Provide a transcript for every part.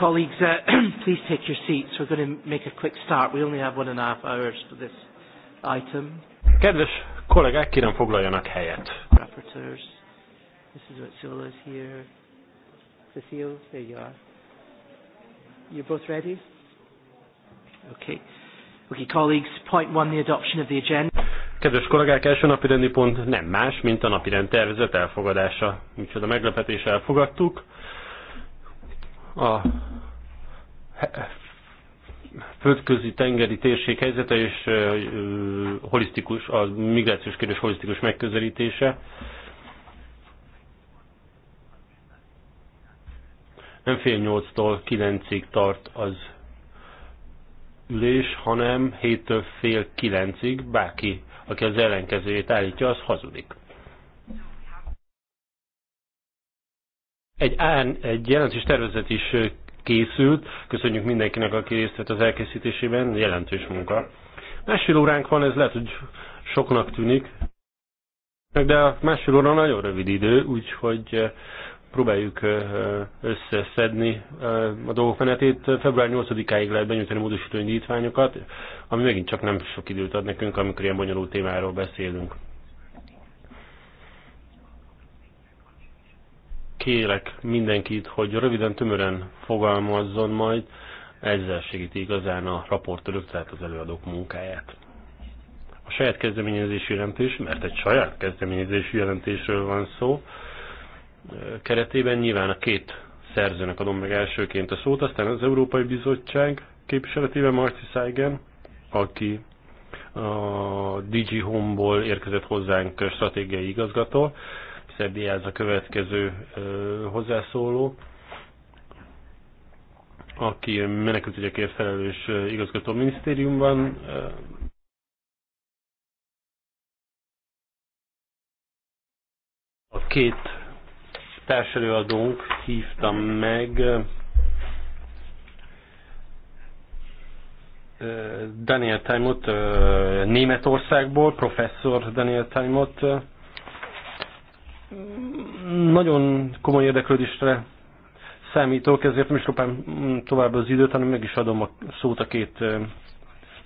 colleagues, uh, please take your seats. We're going to make a quick start. We only have one and a half hours for this item. Kedves kollégák, kérem foglaljanak helyet. Rapporteurs, Mrs. Mitsola is here. Cecile, there you are. You're both ready? Okay. Okay, colleagues, point one, the adoption of the agenda. Kedves kollégák, első napi rendi pont nem más, mint a napi rend tervezet elfogadása. Micsoda meglepetés elfogadtuk a földközi tengeri térség helyzete és holisztikus, a migrációs kérdés holisztikus megközelítése. Nem fél nyolctól kilencig tart az ülés, hanem héttől fél kilencig bárki, aki az ellenkezőjét állítja, az hazudik. egy, án, egy jelentős tervezet is készült. Köszönjük mindenkinek, aki részt vett az elkészítésében. Jelentős munka. Másfél óránk van, ez lehet, hogy soknak tűnik, de a másfél óra nagyon rövid idő, úgyhogy próbáljuk összeszedni a dolgok menetét. Február 8-áig lehet benyújtani módosító indítványokat, ami megint csak nem sok időt ad nekünk, amikor ilyen bonyolult témáról beszélünk. kérek mindenkit, hogy röviden, tömören fogalmazzon majd, ezzel segíti igazán a raportörök, tehát az előadók munkáját. A saját kezdeményezési jelentés, mert egy saját kezdeményezési jelentésről van szó, keretében nyilván a két szerzőnek adom meg elsőként a szót, aztán az Európai Bizottság képviseletében Marci Szájgen, aki a DG Home-ból érkezett hozzánk stratégiai igazgató, ez a következő hozzászóló, aki menekültügyekért felelős igazgató minisztériumban. A két társelőadónk hívtam meg Daniel Timot Németországból, professzor Daniel Timot, nagyon komoly érdeklődésre számítok, ezért nem is lopám tovább az időt, hanem meg is adom a szót a két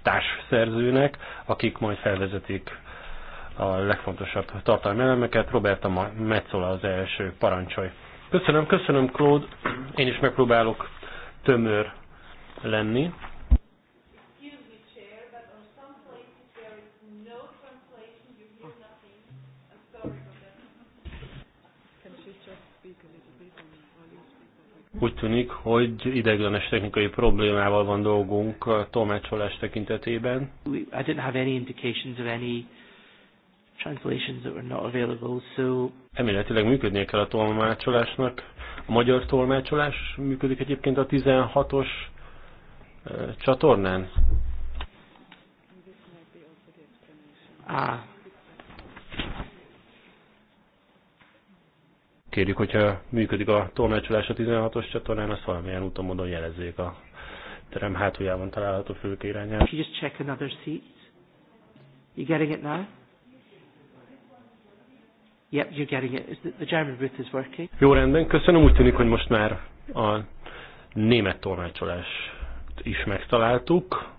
társszerzőnek, akik majd felvezetik a legfontosabb tartalmi elemeket. Roberta Metzola az első parancsolj. Köszönöm, köszönöm Claude. Én is megpróbálok tömör lenni. úgy tűnik, hogy ideiglenes technikai problémával van dolgunk a tolmácsolás tekintetében. I didn't have any indications of any translations that were not available, so... Emléletileg működnie kell a tolmácsolásnak. A magyar tolmácsolás működik egyébként a 16-os eh, csatornán. Ah, kérjük, hogyha működik a tolmácsolás a 16-os csatornán, azt valamilyen úton módon jelezzék a terem hátuljában található fülk irányába. Can you just check another seat? You getting it now? Yep, you're getting it. The German booth is working. Jó rendben, köszönöm. Úgy tűnik, hogy most már a német tolmácsolást is megtaláltuk,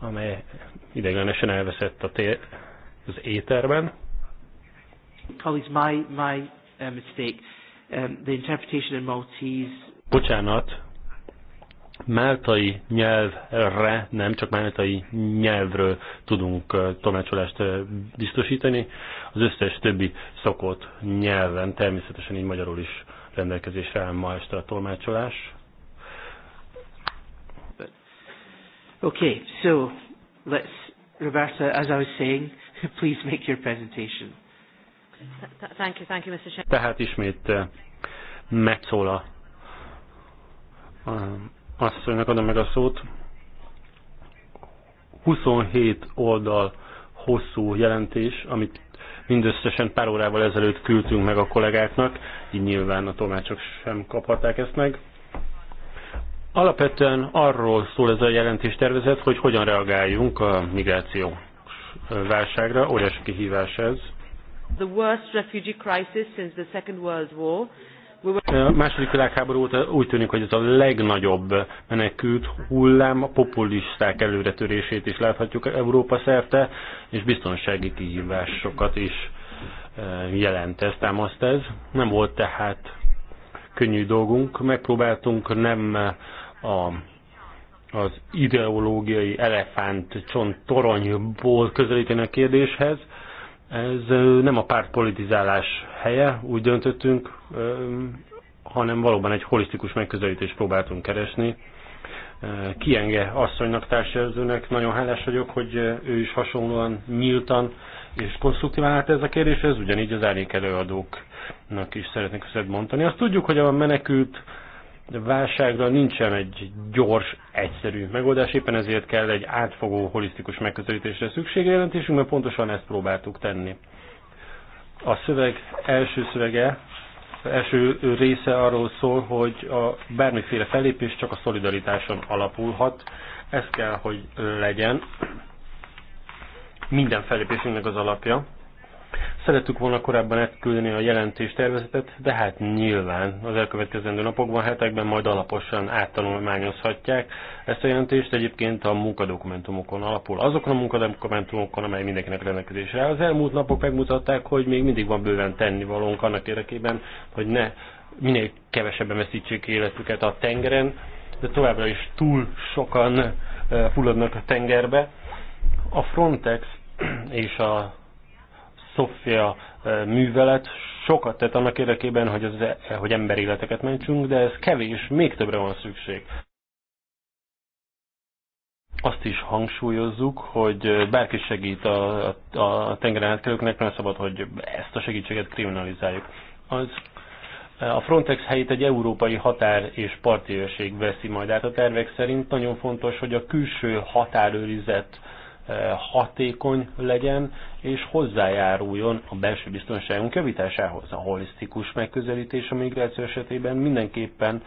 amely ideiglenesen elveszett a tér, az éterben. Colleagues, my, my mistake. Um, the interpretation in Maltese. Bocsánat, máltai nyelvre, nem csak máltai nyelvről tudunk uh, tolmácsolást uh, biztosítani. Az összes többi szokott nyelven, természetesen így magyarul is rendelkezésre áll ma este a tolmácsolás. Okay, so let's, Roberta, as I was saying, please make your presentation. Tehát ismét eh, Metzola asszonynak adom meg a szót. 27 oldal hosszú jelentés, amit mindösszesen pár órával ezelőtt küldtünk meg a kollégáknak, így nyilván a tolmácsok sem kaphatták ezt meg. Alapvetően arról szól ez a jelentés tervezet, hogy hogyan reagáljunk a migráció válságra, óriási kihívás ez. The worst refugee crisis since the Second World War. A második világháború óta úgy tűnik, hogy ez a legnagyobb menekült hullám a populisták előretörését is láthatjuk Európa szerte, és biztonsági kihívásokat is e, jelent ez, támaszt ez. Nem volt tehát könnyű dolgunk, megpróbáltunk nem a, az ideológiai elefánt csont toronyból közelíteni a kérdéshez, ez nem a pártpolitizálás helye, úgy döntöttünk, hanem valóban egy holisztikus megközelítést próbáltunk keresni. Kienge asszonynak, társjelzőnek nagyon hálás vagyok, hogy ő is hasonlóan nyíltan és konstruktívan állt ez a kérdéshez, ez ugyanígy az árnyék előadóknak is szeretnék köszönet mondani. Azt tudjuk, hogy a menekült a válságra nincsen egy gyors, egyszerű megoldás, éppen ezért kell egy átfogó, holisztikus megközelítésre szükség mert pontosan ezt próbáltuk tenni. A szöveg első szövege, első része arról szól, hogy a bármiféle fellépés csak a szolidaritáson alapulhat. Ez kell, hogy legyen minden fellépésünknek az alapja. Szerettük volna korábban elküldeni a jelentés tervezetet, de hát nyilván az elkövetkezendő napokban, hetekben majd alaposan áttanulmányozhatják ezt a jelentést. Egyébként a munkadokumentumokon alapul azokon a munkadokumentumokon, amely mindenkinek rendelkezésre áll. Az elmúlt napok megmutatták, hogy még mindig van bőven tennivalónk annak érdekében, hogy ne minél kevesebben veszítsék életüket a tengeren, de továbbra is túl sokan eh, fulladnak a tengerbe. A Frontex és a Sofia eh, művelet sokat tett annak érdekében, hogy, az, eh, hogy emberéleteket mentsünk, de ez kevés, még többre van szükség. Azt is hangsúlyozzuk, hogy eh, bárki segít a, a, a tengeren átkelőknek, nem szabad, hogy ezt a segítséget kriminalizáljuk. Az a Frontex helyét egy európai határ és parti veszi majd át a tervek szerint. Nagyon fontos, hogy a külső határőrizet Eh, hatékony legyen, és hozzájáruljon a belső biztonságunk javításához. A holisztikus megközelítés a migráció esetében mindenképpen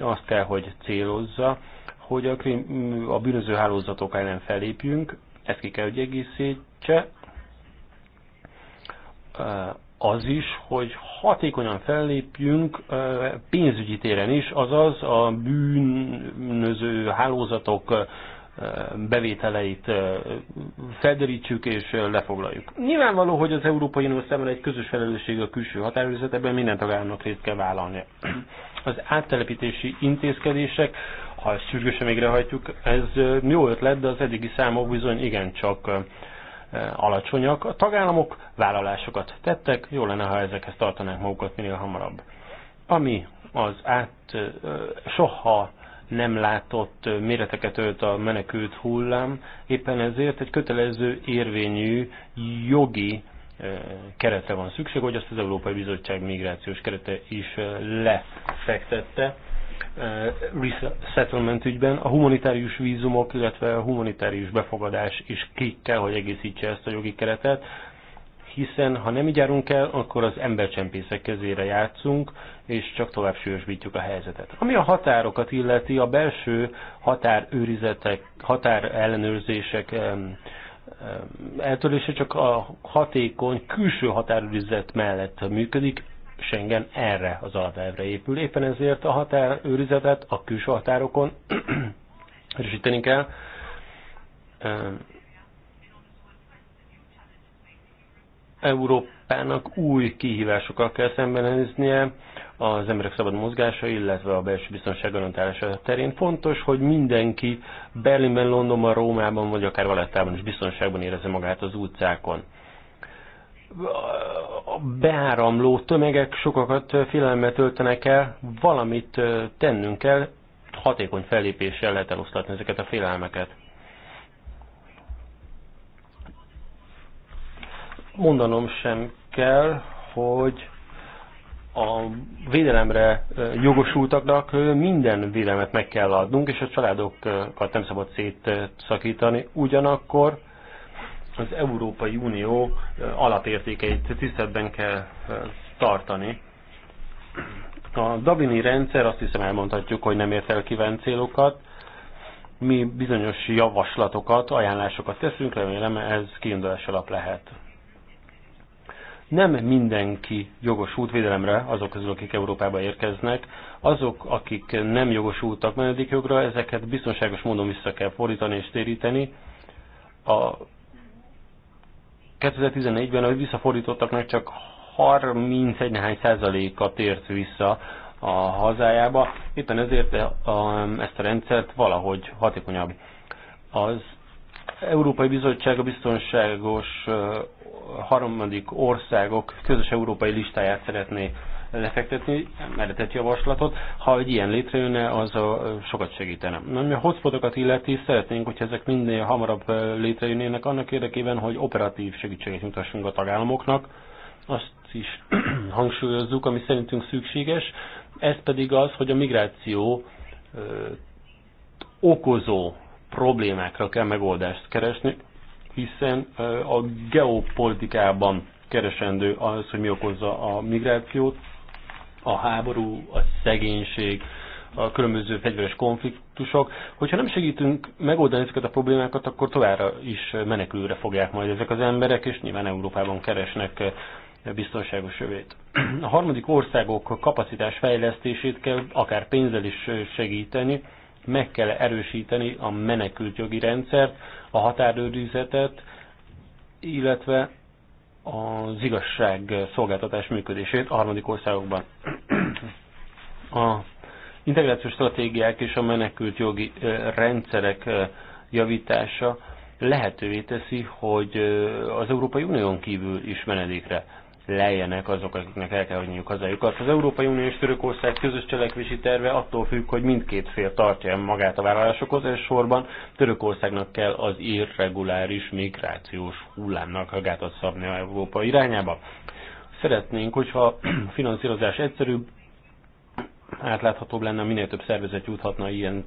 azt kell, hogy célozza, hogy a, krim, a bűnöző hálózatok ellen felépjünk, ezt ki kell, hogy egészítse, eh, az is, hogy hatékonyan fellépjünk eh, pénzügyi téren is, azaz a bűnöző hálózatok bevételeit felderítsük és lefoglaljuk. Nyilvánvaló, hogy az Európai Unió szemben egy közös felelősség a külső határőrzet, ebben minden tagállamnak részt kell vállalnia. Az áttelepítési intézkedések, ha ezt sürgősen végrehajtjuk, ez jó ötlet, de az eddigi számok bizony igencsak alacsonyak. A tagállamok vállalásokat tettek, jó lenne, ha ezekhez tartanák magukat minél hamarabb. Ami az át soha nem látott méreteket ölt a menekült hullám, éppen ezért egy kötelező érvényű jogi eh, keretre van szükség, hogy azt az Európai Bizottság migrációs kerete is eh, lefektette. Eh, resettlement ügyben a humanitárius vízumok, illetve a humanitárius befogadás is ki kell, hogy egészítse ezt a jogi keretet hiszen ha nem így járunk el, akkor az embercsempészek kezére játszunk, és csak tovább súlyosbítjuk a helyzetet. Ami a határokat illeti, a belső határőrizetek, határellenőrzések eltörlése csak a hatékony külső határőrizet mellett működik, Schengen erre az alapelvre épül. Éppen ezért a határőrizetet a külső határokon erősíteni kell Európának új kihívásokkal kell szembenéznie az emberek szabad mozgása, illetve a belső biztonság garantálása terén. Fontos, hogy mindenki Berlinben, Londonban, Rómában, vagy akár Valettában is biztonságban érezze magát az utcákon. A beáramló tömegek sokakat félelmet öltenek el, valamit tennünk kell, hatékony fellépéssel lehet eloszlatni ezeket a félelmeket. mondanom sem kell, hogy a védelemre jogosultaknak minden védelmet meg kell adnunk, és a családokat nem szabad szétszakítani. Ugyanakkor az Európai Unió alapértékeit tiszteletben kell tartani. A Dublini rendszer azt hiszem elmondhatjuk, hogy nem ért el kívánt célokat. Mi bizonyos javaslatokat, ajánlásokat teszünk, remélem ez kiindulás alap lehet. Nem mindenki jogosult védelemre azok közül, akik Európába érkeznek. Azok, akik nem jogosultak menedékjogra, ezeket biztonságos módon vissza kell fordítani és téríteni. A 2014-ben a visszafordítottaknak csak 31 néhány százaléka tért vissza a hazájába. Éppen ezért ezt a rendszert valahogy hatékonyabb. Az Európai Bizottság a biztonságos harmadik országok közös európai listáját szeretné lefektetni, meretett javaslatot. Ha egy ilyen létrejönne, az a, sokat segítene. mi a hotspotokat illeti, szeretnénk, hogy ezek minél hamarabb létrejönnének annak érdekében, hogy operatív segítséget nyújtassunk a tagállamoknak. Azt is hangsúlyozzuk, ami szerintünk szükséges. Ez pedig az, hogy a migráció ö, okozó problémákra kell megoldást keresni, hiszen a geopolitikában keresendő az, hogy mi okozza a migrációt, a háború, a szegénység, a különböző fegyveres konfliktusok. Hogyha nem segítünk megoldani ezeket a problémákat, akkor továbbra is menekülőre fogják majd ezek az emberek, és nyilván Európában keresnek biztonságos jövét. A harmadik országok kapacitás fejlesztését kell akár pénzzel is segíteni, meg kell erősíteni a menekült jogi rendszert, a határőrizetet, illetve az igazság szolgáltatás működését a harmadik országokban. A integrációs stratégiák és a menekült jogi rendszerek javítása lehetővé teszi, hogy az Európai Unión kívül is menedékre lejjenek azok, akiknek el kell hagyniuk hazájukat. Az Európai Unió és Törökország közös cselekvési terve attól függ, hogy mindkét fél tartja magát a vállalásokhoz, és sorban Törökországnak kell az irreguláris migrációs hullámnak gátat szabni a Európa irányába. Szeretnénk, hogyha finanszírozás egyszerűbb, átláthatóbb lenne, minél több szervezet juthatna ilyen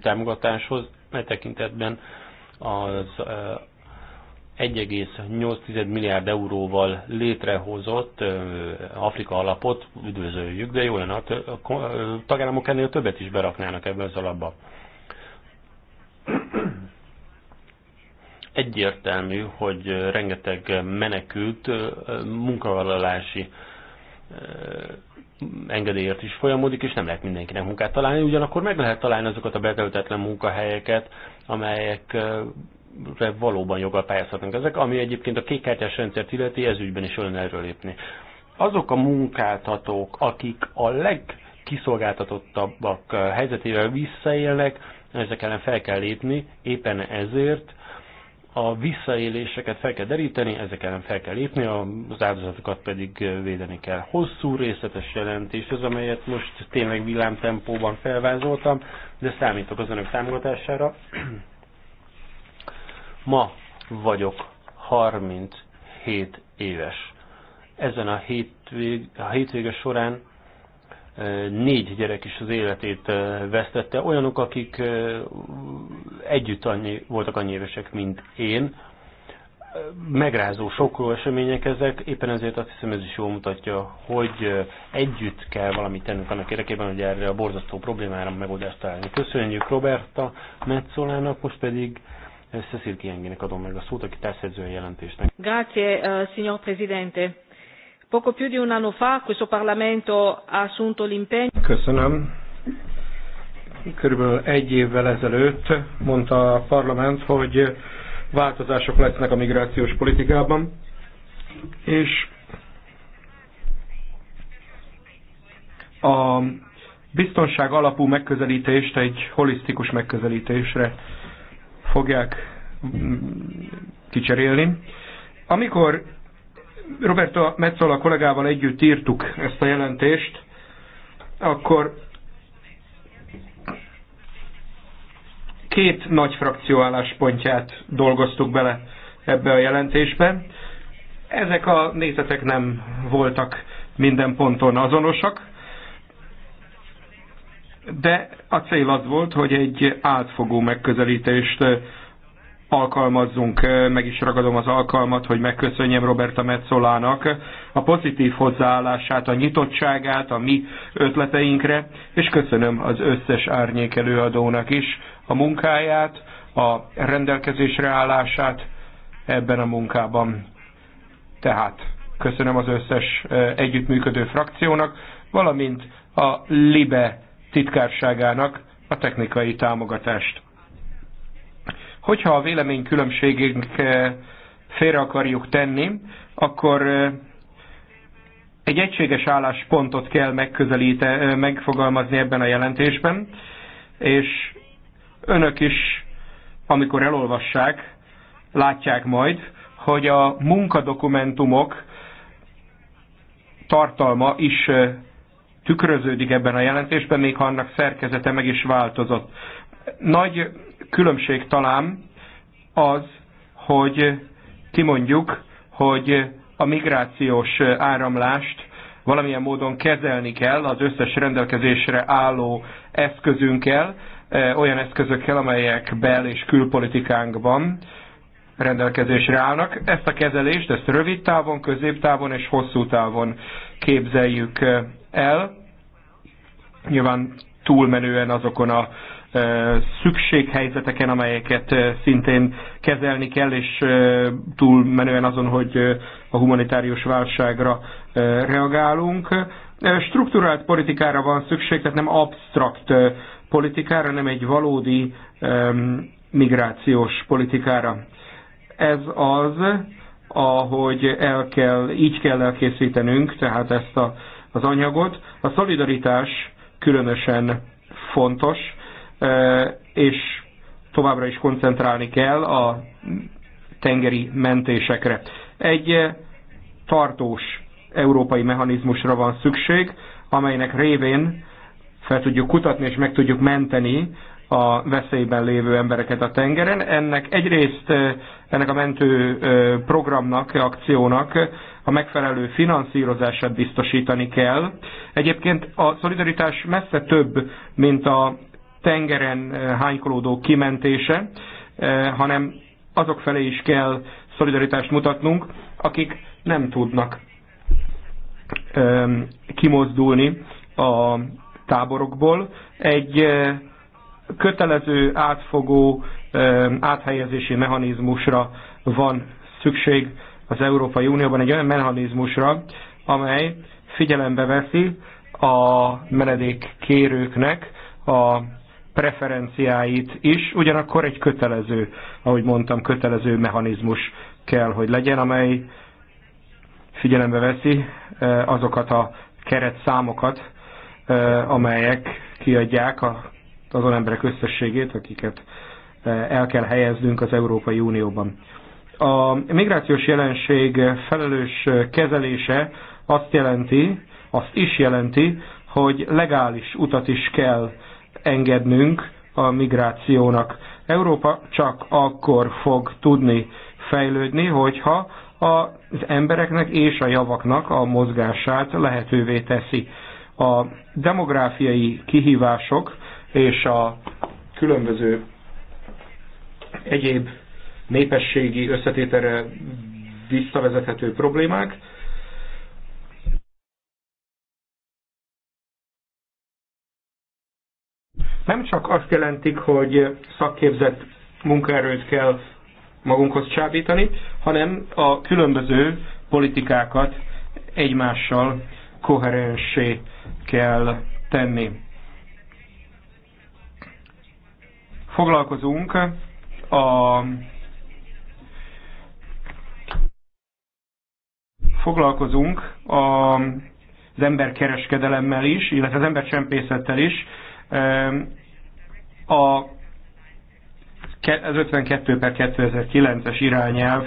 támogatáshoz, mert tekintetben az 1,8 milliárd euróval létrehozott Afrika alapot üdvözöljük, de jó lenne, hát, a tagállamok ennél többet is beraknának ebbe az alapba. Egyértelmű, hogy rengeteg menekült munkavállalási engedélyért is folyamodik, és nem lehet mindenkinek munkát találni, ugyanakkor meg lehet találni azokat a betöltetlen munkahelyeket, amelyek valóban joggal pályázhatnak ezek, ami egyébként a kékkártyás rendszert illeti, ügyben is olyan erről lépni. Azok a munkáltatók, akik a legkiszolgáltatottabbak helyzetével visszaélnek, ezek ellen fel kell lépni, éppen ezért a visszaéléseket fel kell deríteni, ezek ellen fel kell lépni, az áldozatokat pedig védeni kell. Hosszú, részletes jelentés az, amelyet most tényleg villámtempóban felvázoltam, de számítok az önök támogatására. Ma vagyok 37 éves. Ezen a, hétvég, a hétvége során négy gyerek is az életét vesztette. Olyanok, akik együtt annyi, voltak annyi évesek, mint én. Megrázó, sokról események ezek, éppen ezért azt hiszem ez is jól mutatja, hogy együtt kell valamit tennünk annak érdekében, hogy erre a borzasztó problémára megoldást találni. Köszönjük Roberta Metzolának, most pedig Cecil Kiengének adom meg a szót, aki tesz társzerzője jelentésnek. Grazie, uh, signor Presidente. Poco più di un anno fa questo Parlamento ha assunto l'impegno. Köszönöm. Körülbelül egy évvel ezelőtt mondta a parlament, hogy változások lesznek a migrációs politikában, és a biztonság alapú megközelítést egy holisztikus megközelítésre fogják mm, kicserélni. Amikor Roberto Metzola kollégával együtt írtuk ezt a jelentést, akkor két nagy frakció álláspontját dolgoztuk bele ebbe a jelentésbe. Ezek a nézetek nem voltak minden ponton azonosak, de a cél az volt, hogy egy átfogó megközelítést eh, alkalmazzunk. Eh, meg is ragadom az alkalmat, hogy megköszönjem Roberta Metzolának a pozitív hozzáállását, a nyitottságát, a mi ötleteinkre, és köszönöm az összes árnyék előadónak is a munkáját, a rendelkezésre állását ebben a munkában. Tehát köszönöm az összes eh, együttműködő frakciónak, valamint a LIBE titkárságának a technikai támogatást. Hogyha a különbségünk eh, félre akarjuk tenni, akkor eh, egy egységes álláspontot kell megközelíte, eh, megfogalmazni ebben a jelentésben, és önök is, amikor elolvassák, látják majd, hogy a munkadokumentumok tartalma is tükröződik ebben a jelentésben, még ha annak szerkezete meg is változott. Nagy különbség talán az, hogy kimondjuk, hogy a migrációs áramlást valamilyen módon kezelni kell az összes rendelkezésre álló eszközünkkel, e, olyan eszközökkel, amelyek bel- és külpolitikánkban rendelkezésre állnak. Ezt a kezelést, ezt rövid távon, középtávon és hosszú távon képzeljük e, el, nyilván túlmenően azokon a szükséghelyzeteken, amelyeket szintén kezelni kell, és túlmenően azon, hogy a humanitárius válságra reagálunk. Strukturált politikára van szükség, tehát nem absztrakt politikára, nem egy valódi migrációs politikára. Ez az, ahogy el kell, így kell elkészítenünk, tehát ezt a az anyagot. A szolidaritás különösen fontos, e, és továbbra is koncentrálni kell a tengeri mentésekre. Egy e, tartós európai mechanizmusra van szükség, amelynek révén fel tudjuk kutatni és meg tudjuk menteni a veszélyben lévő embereket a tengeren. Ennek egyrészt ennek a mentő programnak, akciónak a megfelelő finanszírozását biztosítani kell. Egyébként a szolidaritás messze több, mint a tengeren hánykolódók kimentése, hanem azok felé is kell szolidaritást mutatnunk, akik nem tudnak kimozdulni a táborokból. Egy kötelező, átfogó áthelyezési mechanizmusra van szükség az Európai Unióban, egy olyan mechanizmusra, amely figyelembe veszi a menedék kérőknek a preferenciáit is, ugyanakkor egy kötelező, ahogy mondtam, kötelező mechanizmus kell, hogy legyen, amely figyelembe veszi eh, azokat a keretszámokat, eh, amelyek kiadják a azon emberek összességét, akiket e, el kell helyeznünk az Európai Unióban. A migrációs jelenség felelős kezelése azt jelenti, azt is jelenti, hogy legális utat is kell engednünk a migrációnak. Európa csak akkor fog tudni fejlődni, hogyha az embereknek és a javaknak a mozgását lehetővé teszi. A demográfiai kihívások és a különböző egyéb népességi összetételre visszavezethető problémák. Nem csak azt jelentik, hogy szakképzett munkaerőt kell magunkhoz csábítani, hanem a különböző politikákat egymással koherensé kell tenni. Foglalkozunk a foglalkozunk a, az emberkereskedelemmel is, illetve az embercsempészettel is. A, az 52 per 2009-es irányelv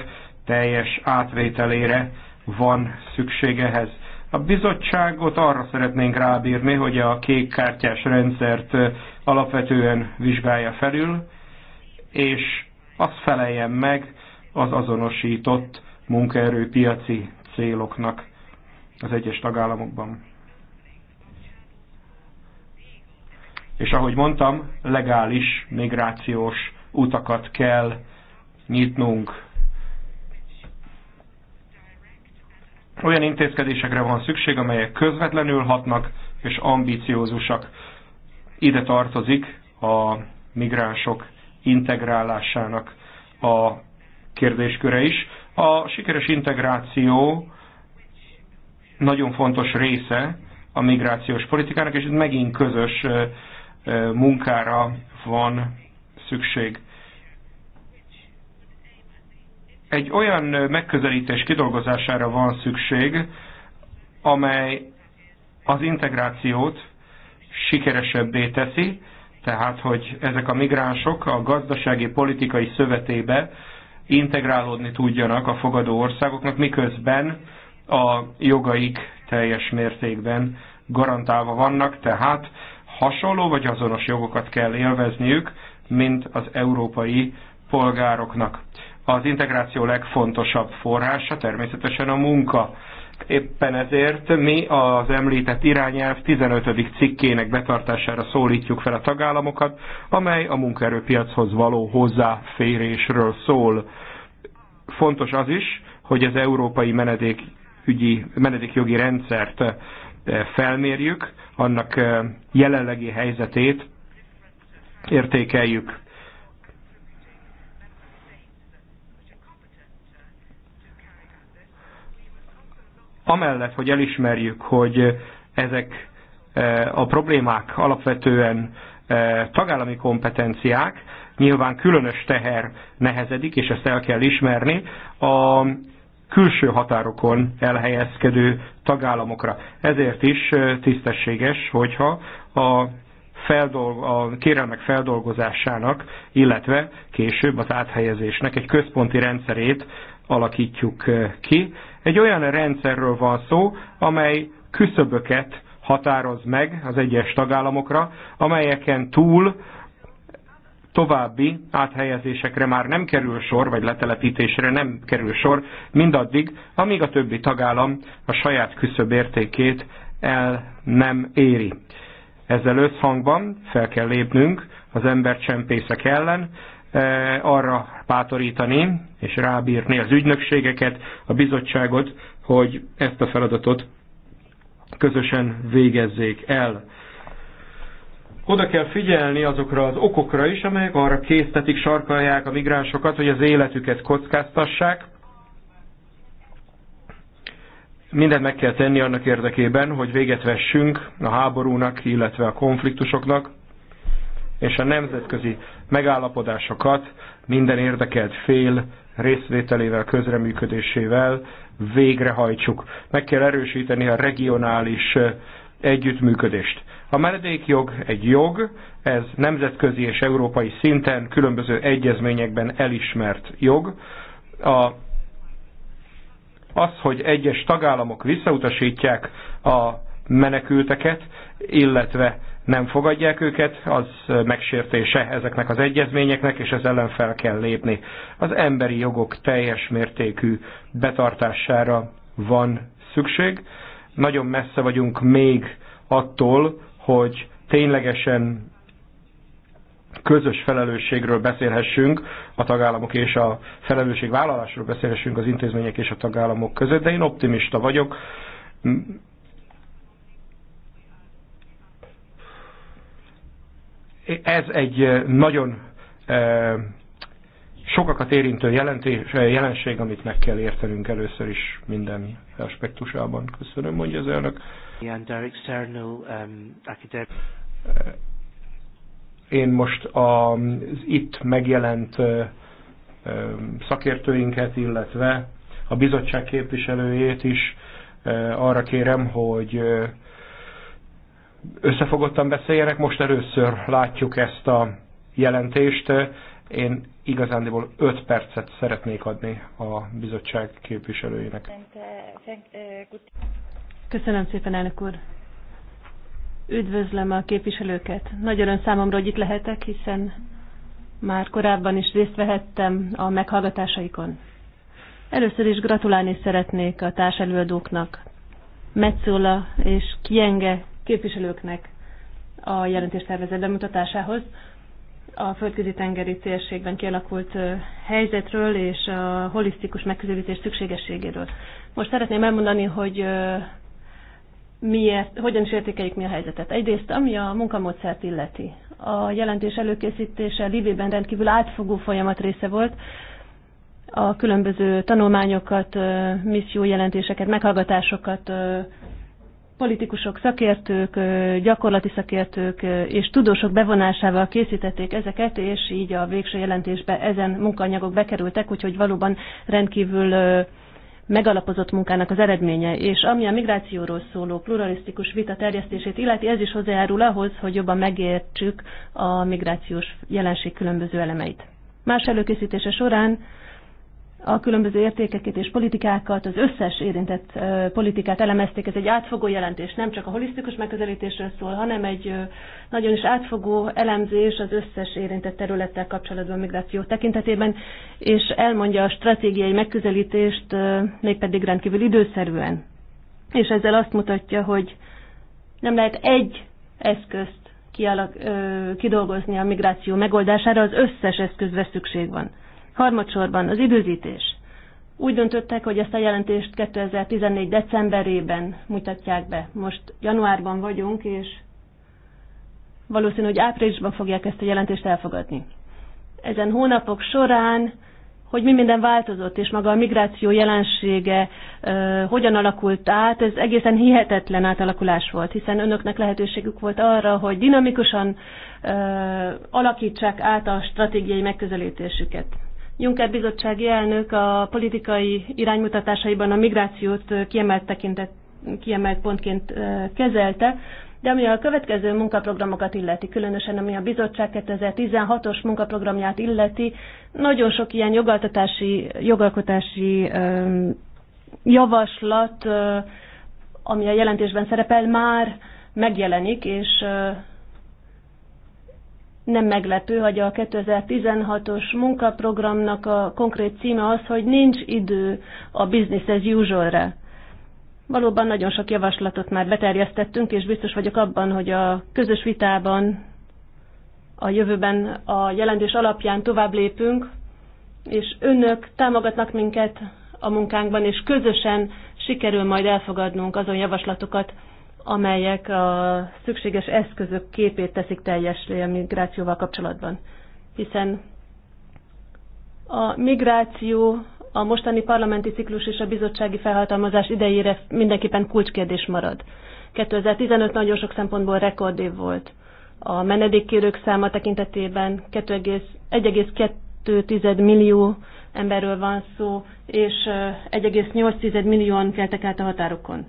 teljes átvételére van szükségehez. A bizottságot arra szeretnénk rábírni, hogy a kék kártyás rendszert alapvetően vizsgálja felül, és azt feleljen meg az azonosított munkaerőpiaci céloknak az egyes tagállamokban. És ahogy mondtam, legális migrációs utakat kell nyitnunk. Olyan intézkedésekre van szükség, amelyek közvetlenül hatnak és ambiciózusak. Ide tartozik a migránsok integrálásának a kérdésköre is. A sikeres integráció nagyon fontos része a migrációs politikának, és itt megint közös munkára van szükség. Egy olyan megközelítés kidolgozására van szükség, amely az integrációt sikeresebbé teszi, tehát hogy ezek a migránsok a gazdasági politikai szövetébe integrálódni tudjanak a fogadó országoknak, miközben a jogaik teljes mértékben garantálva vannak, tehát hasonló vagy azonos jogokat kell élvezniük, mint az európai polgároknak. Az integráció legfontosabb forrása természetesen a munka. Éppen ezért mi az említett irányelv 15. cikkének betartására szólítjuk fel a tagállamokat, amely a munkaerőpiachoz való hozzáférésről szól. Fontos az is, hogy az európai menedékügyi, menedékjogi rendszert eh, felmérjük, annak eh, jelenlegi helyzetét értékeljük. amellett, hogy elismerjük, hogy eh, ezek eh, a problémák alapvetően eh, tagállami kompetenciák, nyilván különös teher nehezedik, és ezt el kell ismerni, a külső határokon elhelyezkedő tagállamokra. Ezért is tisztességes, hogyha a, feldolg, a kérelmek feldolgozásának, illetve később az áthelyezésnek egy központi rendszerét alakítjuk eh, ki. Egy olyan rendszerről van szó, amely küszöböket határoz meg az egyes tagállamokra, amelyeken túl további áthelyezésekre már nem kerül sor, vagy letelepítésre nem kerül sor, mindaddig, amíg a többi tagállam a saját küszöb értékét el nem éri. Ezzel összhangban fel kell lépnünk az embercsempészek ellen, E, arra bátorítani, és rábírni az ügynökségeket, a bizottságot, hogy ezt a feladatot közösen végezzék el. Oda kell figyelni azokra az okokra is, amelyek arra késztetik, sarkalják a migránsokat, hogy az életüket kockáztassák. Mindent meg kell tenni annak érdekében, hogy véget vessünk a háborúnak, illetve a konfliktusoknak, és a nemzetközi megállapodásokat minden érdekelt fél részvételével, közreműködésével végrehajtsuk. Meg kell erősíteni a regionális együttműködést. A menedékjog egy jog, ez nemzetközi és európai szinten különböző egyezményekben elismert jog. A, az, hogy egyes tagállamok visszautasítják a menekülteket, illetve nem fogadják őket, az megsértése ezeknek az egyezményeknek, és ez ellen fel kell lépni. Az emberi jogok teljes mértékű betartására van szükség. Nagyon messze vagyunk még attól, hogy ténylegesen közös felelősségről beszélhessünk, a tagállamok és a felelősségvállalásról beszélhessünk az intézmények és a tagállamok között, de én optimista vagyok. Ez egy nagyon sokakat érintő jelentés, jelenség, amit meg kell értenünk először is minden aspektusában. Köszönöm, mondja az elnök. Um, én most az itt megjelent szakértőinket, illetve a bizottság képviselőjét is arra kérem, hogy összefogottan beszéljenek. Most először látjuk ezt a jelentést. Én igazándiból 5 percet szeretnék adni a bizottság képviselőjének. Köszönöm szépen, elnök úr. Üdvözlöm a képviselőket. Nagy öröm számomra, hogy itt lehetek, hiszen már korábban is részt vehettem a meghallgatásaikon. Először is gratulálni szeretnék a társelőadóknak, Metzola és Kienge képviselőknek a jelentéstervezet bemutatásához a földközi tengeri térségben kialakult helyzetről és a holisztikus megközelítés szükségességéről. Most szeretném elmondani, hogy miért, hogyan is értékeljük mi a helyzetet. Egyrészt, ami a munkamódszert illeti. A jelentés előkészítése Libében rendkívül átfogó folyamat része volt. A különböző tanulmányokat, misszió jelentéseket, meghallgatásokat politikusok, szakértők, gyakorlati szakértők és tudósok bevonásával készítették ezeket, és így a végső jelentésbe ezen munkanyagok bekerültek, úgyhogy valóban rendkívül megalapozott munkának az eredménye, és ami a migrációról szóló pluralisztikus vita terjesztését illeti, ez is hozzájárul ahhoz, hogy jobban megértsük a migrációs jelenség különböző elemeit. Más előkészítése során a különböző értékeket és politikákat, az összes érintett politikát elemezték. Ez egy átfogó jelentés, nem csak a holisztikus megközelítésről szól, hanem egy nagyon is átfogó elemzés az összes érintett területtel kapcsolatban migráció tekintetében, és elmondja a stratégiai megközelítést mégpedig rendkívül időszerűen. És ezzel azt mutatja, hogy nem lehet egy eszközt kialak, kidolgozni a migráció megoldására, az összes eszközre szükség van Harmadsorban az időzítés. Úgy döntöttek, hogy ezt a jelentést 2014. decemberében mutatják be. Most januárban vagyunk, és valószínű, hogy áprilisban fogják ezt a jelentést elfogadni. Ezen hónapok során, hogy mi minden változott, és maga a migráció jelensége ö, hogyan alakult át, ez egészen hihetetlen átalakulás volt, hiszen önöknek lehetőségük volt arra, hogy dinamikusan ö, alakítsák át a stratégiai megközelítésüket. Juncker bizottsági elnök a politikai iránymutatásaiban a migrációt kiemelt, tekintet, kiemelt pontként kezelte, de ami a következő munkaprogramokat illeti, különösen ami a bizottság 2016-os munkaprogramját illeti, nagyon sok ilyen jogalkotási, jogalkotási javaslat, ami a jelentésben szerepel, már megjelenik, és nem meglepő, hogy a 2016-os munkaprogramnak a konkrét címe az, hogy nincs idő a business as usual-re. Valóban nagyon sok javaslatot már beterjesztettünk, és biztos vagyok abban, hogy a közös vitában a jövőben a jelentés alapján tovább lépünk, és önök támogatnak minket a munkánkban, és közösen sikerül majd elfogadnunk azon javaslatokat, amelyek a szükséges eszközök képét teszik teljesre a migrációval kapcsolatban. Hiszen a migráció a mostani parlamenti ciklus és a bizottsági felhatalmazás idejére mindenképpen kulcskérdés marad. 2015 nagyon sok szempontból rekordév volt. A menedékkérők száma tekintetében 1,2 millió emberről van szó, és 1,8 millióan keltek át a határokon.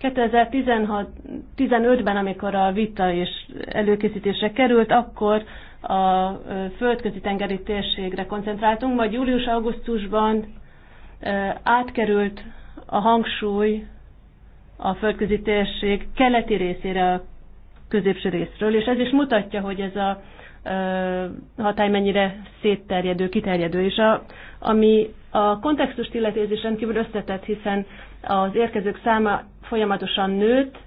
2015-ben, amikor a vita és előkészítése került, akkor a földközi tengeri térségre koncentráltunk, majd július-augusztusban átkerült a hangsúly a földközi térség keleti részére a középső részről, és ez is mutatja, hogy ez a hatály mennyire szétterjedő, kiterjedő, és a, ami a kontextust illeti, ez is rendkívül összetett, hiszen az érkezők száma folyamatosan nőtt,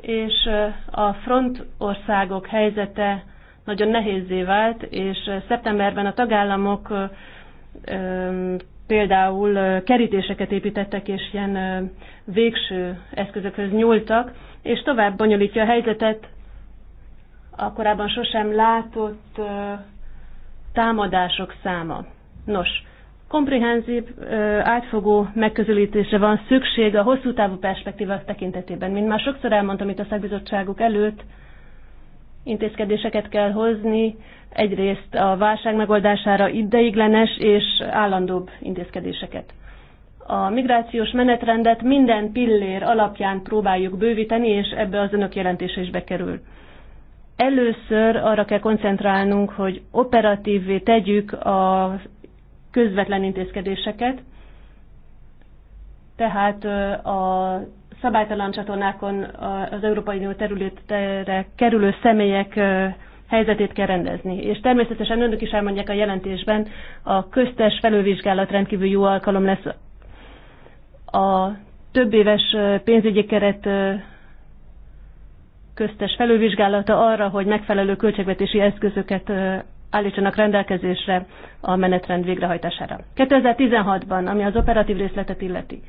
és a front országok helyzete nagyon nehézé vált, és szeptemberben a tagállamok például kerítéseket építettek, és ilyen végső eszközökhöz nyúltak, és tovább bonyolítja a helyzetet a korábban sosem látott támadások száma. Nos, komprehenzív, átfogó megközelítésre van szükség a hosszú távú perspektíva tekintetében. Mint már sokszor elmondtam itt a szakbizottságuk előtt, intézkedéseket kell hozni, egyrészt a válság megoldására ideiglenes és állandóbb intézkedéseket. A migrációs menetrendet minden pillér alapján próbáljuk bővíteni, és ebbe az önök jelentése is bekerül. Először arra kell koncentrálnunk, hogy operatívvé tegyük az közvetlen intézkedéseket. Tehát a szabálytalan csatornákon az Európai Unió területére kerülő személyek helyzetét kell rendezni. És természetesen önök is elmondják a jelentésben, a köztes felővizsgálat rendkívül jó alkalom lesz a több éves pénzügyi keret köztes felővizsgálata arra, hogy megfelelő költségvetési eszközöket állítsanak rendelkezésre a menetrend végrehajtására. 2016-ban, ami az operatív részletet illeti,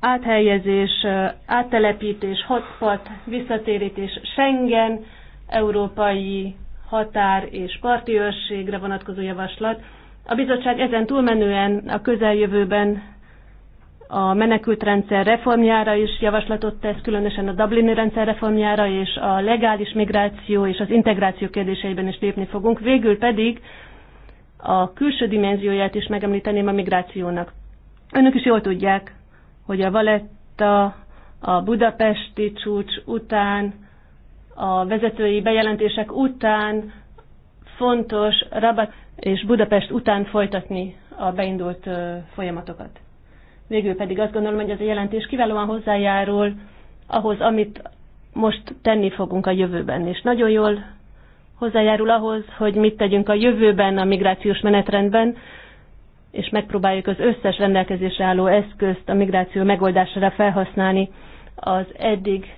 áthelyezés, áttelepítés, hotspot, visszatérítés, Schengen, európai határ és parti őrségre vonatkozó javaslat. A bizottság ezen túlmenően a közeljövőben a menekültrendszer reformjára is javaslatot tesz, különösen a Dublini rendszer reformjára, és a legális migráció és az integráció kérdéseiben is lépni fogunk. Végül pedig a külső dimenzióját is megemlíteném a migrációnak. Önök is jól tudják, hogy a Valetta, a budapesti csúcs után, a vezetői bejelentések után fontos Rabat és Budapest után folytatni a beindult folyamatokat. Végül pedig azt gondolom, hogy ez a jelentés kiválóan hozzájárul ahhoz, amit most tenni fogunk a jövőben, és nagyon jól hozzájárul ahhoz, hogy mit tegyünk a jövőben a migrációs menetrendben, és megpróbáljuk az összes rendelkezésre álló eszközt a migráció megoldására felhasználni az eddig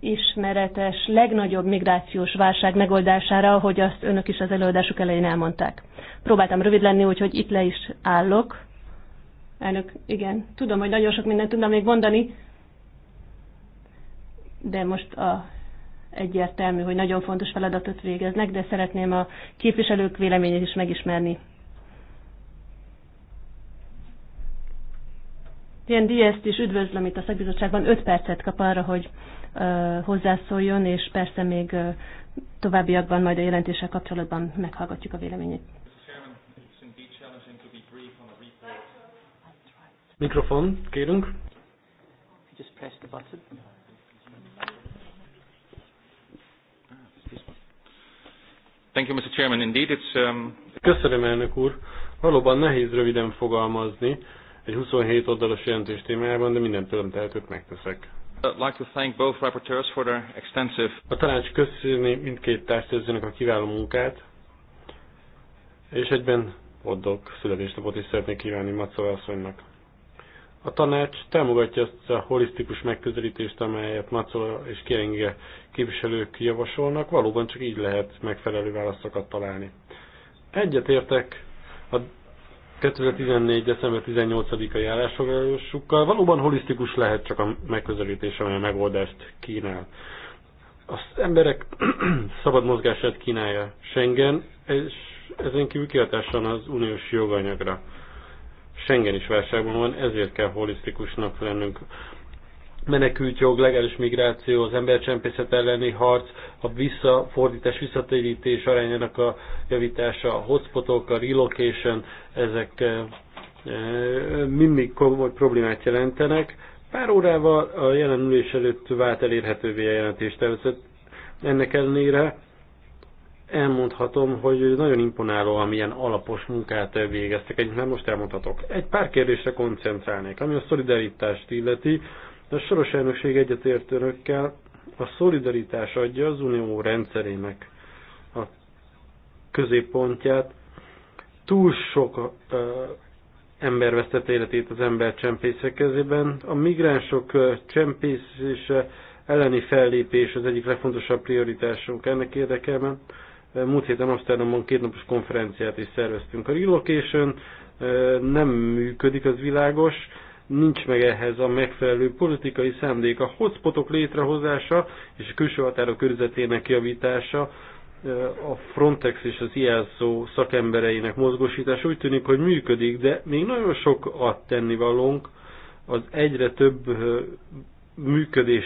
ismeretes, legnagyobb migrációs válság megoldására, ahogy azt önök is az előadásuk elején elmondták. Próbáltam rövid lenni, úgyhogy itt le is állok. Elnök, igen, tudom, hogy nagyon sok mindent tudnám még mondani, de most a, egyértelmű, hogy nagyon fontos feladatot végeznek, de szeretném a képviselők véleményét is megismerni. Ilyen Díjezt is üdvözlöm itt a szakbizottságban, 5 percet kap arra, hogy ö, hozzászóljon, és persze még ö, továbbiakban majd a jelentéssel kapcsolatban meghallgatjuk a véleményét. Mikrofon, kérünk. Just press the button. Thank you, Mr. Chairman. Indeed, it's, um... Köszönöm, elnök úr. Valóban nehéz röviden fogalmazni egy 27 oldalas jelentés témájában, de minden tőlem tehetőt megteszek. Like to thank both rapporteurs for their extensive... A tanács köszönni mindkét társadalmának a kiváló munkát, és egyben boldog születésnapot is szeretnék kívánni Macsa asszonynak. A tanács támogatja azt a holisztikus megközelítést, amelyet Macola és Kienge képviselők javasolnak, valóban csak így lehet megfelelő válaszokat találni. Egyetértek a 2014. december 18-ai állásfoglalásukkal valóban holisztikus lehet csak a megközelítés, amely a megoldást kínál. Az emberek szabad mozgását kínálja Schengen, és ezen kívül kihatással az uniós joganyagra. Schengen is válságban van, ezért kell holisztikusnak lennünk. Menekültjog, legális migráció, az embercsempészet elleni harc, a visszafordítás, visszatérítés arányának a javítása, a hotspotok, a relocation, ezek eh, eh, mindig komoly problémát jelentenek. Pár órával a jelen előtt vált elérhetővé a jelentéstervezet. Ennek ellenére elmondhatom, hogy nagyon imponáló, amilyen alapos munkát végeztek. Egy, nem most elmondhatok. Egy pár kérdésre koncentrálnék, ami a szolidaritást illeti. A soros elnökség egyetért önökkel a szolidaritás adja az unió rendszerének a középpontját. Túl sok ö, ember vesztett életét az ember csempészek kezében. A migránsok csempészése elleni fellépés az egyik legfontosabb prioritásunk ennek érdekében. Múlt héten Amsterdamban kétnapos konferenciát is szerveztünk. A relocation nem működik, az világos, nincs meg ehhez a megfelelő politikai szándék. A hotspotok létrehozása és a külső határok körzetének javítása, a Frontex és az IASZO szakembereinek mozgósítása úgy tűnik, hogy működik, de még nagyon sok a tennivalónk, az egyre több működés,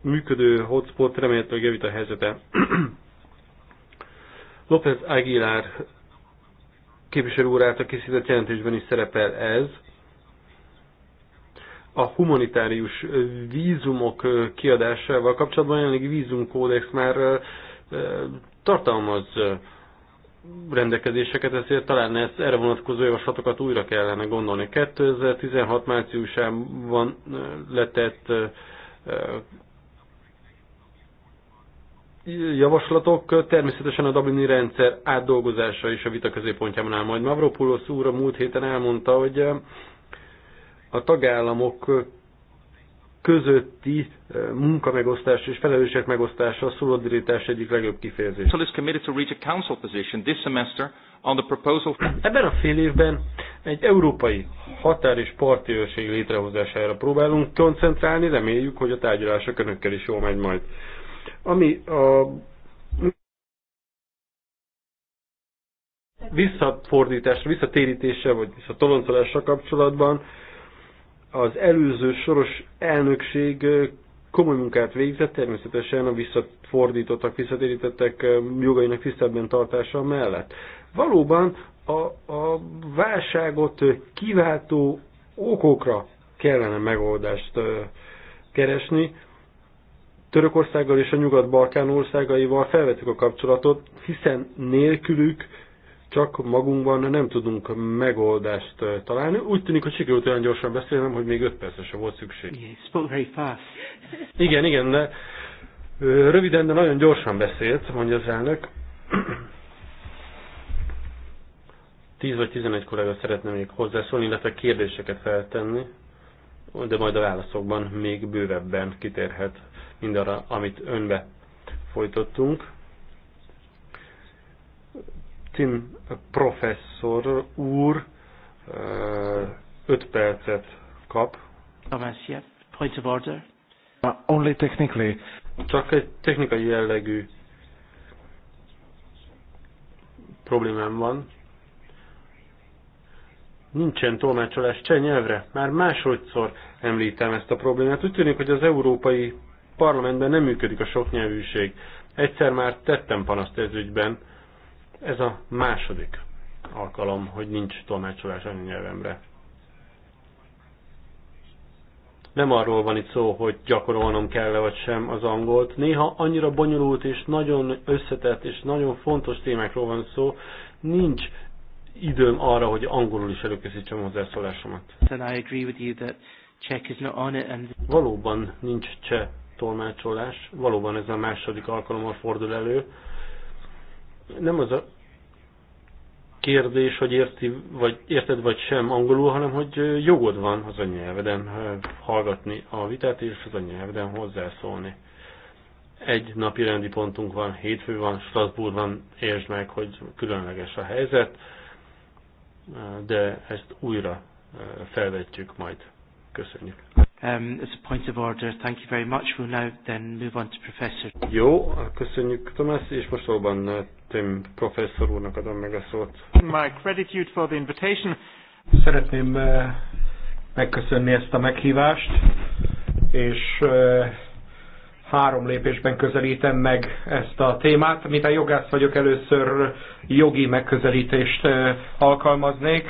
működő hotspot remélhetőleg javít a helyzete. López Aguilar képviselő úr által készített jelentésben is szerepel ez. A humanitárius vízumok kiadásával kapcsolatban a jelenlegi vízumkódex már tartalmaz rendelkezéseket, ezért talán ezt erre vonatkozó javaslatokat újra kellene gondolni. 2016 márciusában letett javaslatok természetesen a Dublini rendszer átdolgozása is a vita középpontjában áll majd. Mavropoulos úr a múlt héten elmondta, hogy eh, a tagállamok közötti eh, munkamegosztás és felelősség megosztása a szolidaritás egyik legjobb kifejezés. Ebben a fél évben egy európai határ és parti őrség létrehozására próbálunk koncentrálni, reméljük, hogy a tárgyalások önökkel is jól megy majd. Ami a visszafordításra, visszatérítése, vagy visszatoloncolásra kapcsolatban az előző soros elnökség komoly munkát végzett, természetesen a visszafordítottak, visszatérítettek jogainak tisztelben tartása mellett. Valóban a, a válságot kiváltó okokra kellene megoldást keresni, Törökországgal és a Nyugat-Balkán országaival felvettük a kapcsolatot, hiszen nélkülük csak magunkban nem tudunk megoldást eh, találni. Úgy tűnik, hogy sikerült olyan gyorsan beszélnem, hogy még öt percre sem volt szükség. Igen, igen, de eh, röviden, de nagyon gyorsan beszélt, mondja az elnök. 10 vagy 11 kollega szeretne még hozzászólni, illetve kérdéseket feltenni, de majd a válaszokban még bővebben kitérhet mindarra, amit önbe folytottunk. Tim professzor úr 5 percet kap. Thomas, yeah. Point of order. Uh, only technically. Csak egy technikai jellegű problémám van. Nincsen tolmácsolás cseh nyelvre. Már másodszor említem ezt a problémát. Úgy tűnik, hogy az európai parlamentben nem működik a soknyelvűség. Egyszer már tettem panaszt ez ügyben, ez a második alkalom, hogy nincs tolmácsolás anyanyelvemre. Nem arról van itt szó, hogy gyakorolnom kell -e vagy sem az angolt. Néha annyira bonyolult és nagyon összetett és nagyon fontos témákról van szó, nincs időm arra, hogy angolul is előkészítsem a hozzászólásomat. Valóban nincs cseh tolmácsolás. Valóban ez a második alkalommal fordul elő. Nem az a kérdés, hogy érti, vagy, érted vagy sem angolul, hanem hogy jogod van az nyelveden eh, hallgatni a vitát, és az nyelveden hozzászólni. Egy napi rendi pontunk van, hétfő van, Strasbourgban, értsd meg, hogy különleges a helyzet, eh, de ezt újra eh, felvetjük majd. Köszönjük. Um, as a point of order. Thank you very much. We'll now then move on to Professor. Jó, köszönjük Tomás, és most valóban uh, Tim professzor úrnak adom meg a szót. My gratitude for the invitation. Szeretném uh, megköszönni ezt a meghívást, és uh, három lépésben közelítem meg ezt a témát. Mint a jogász vagyok, először jogi megközelítést alkalmaznék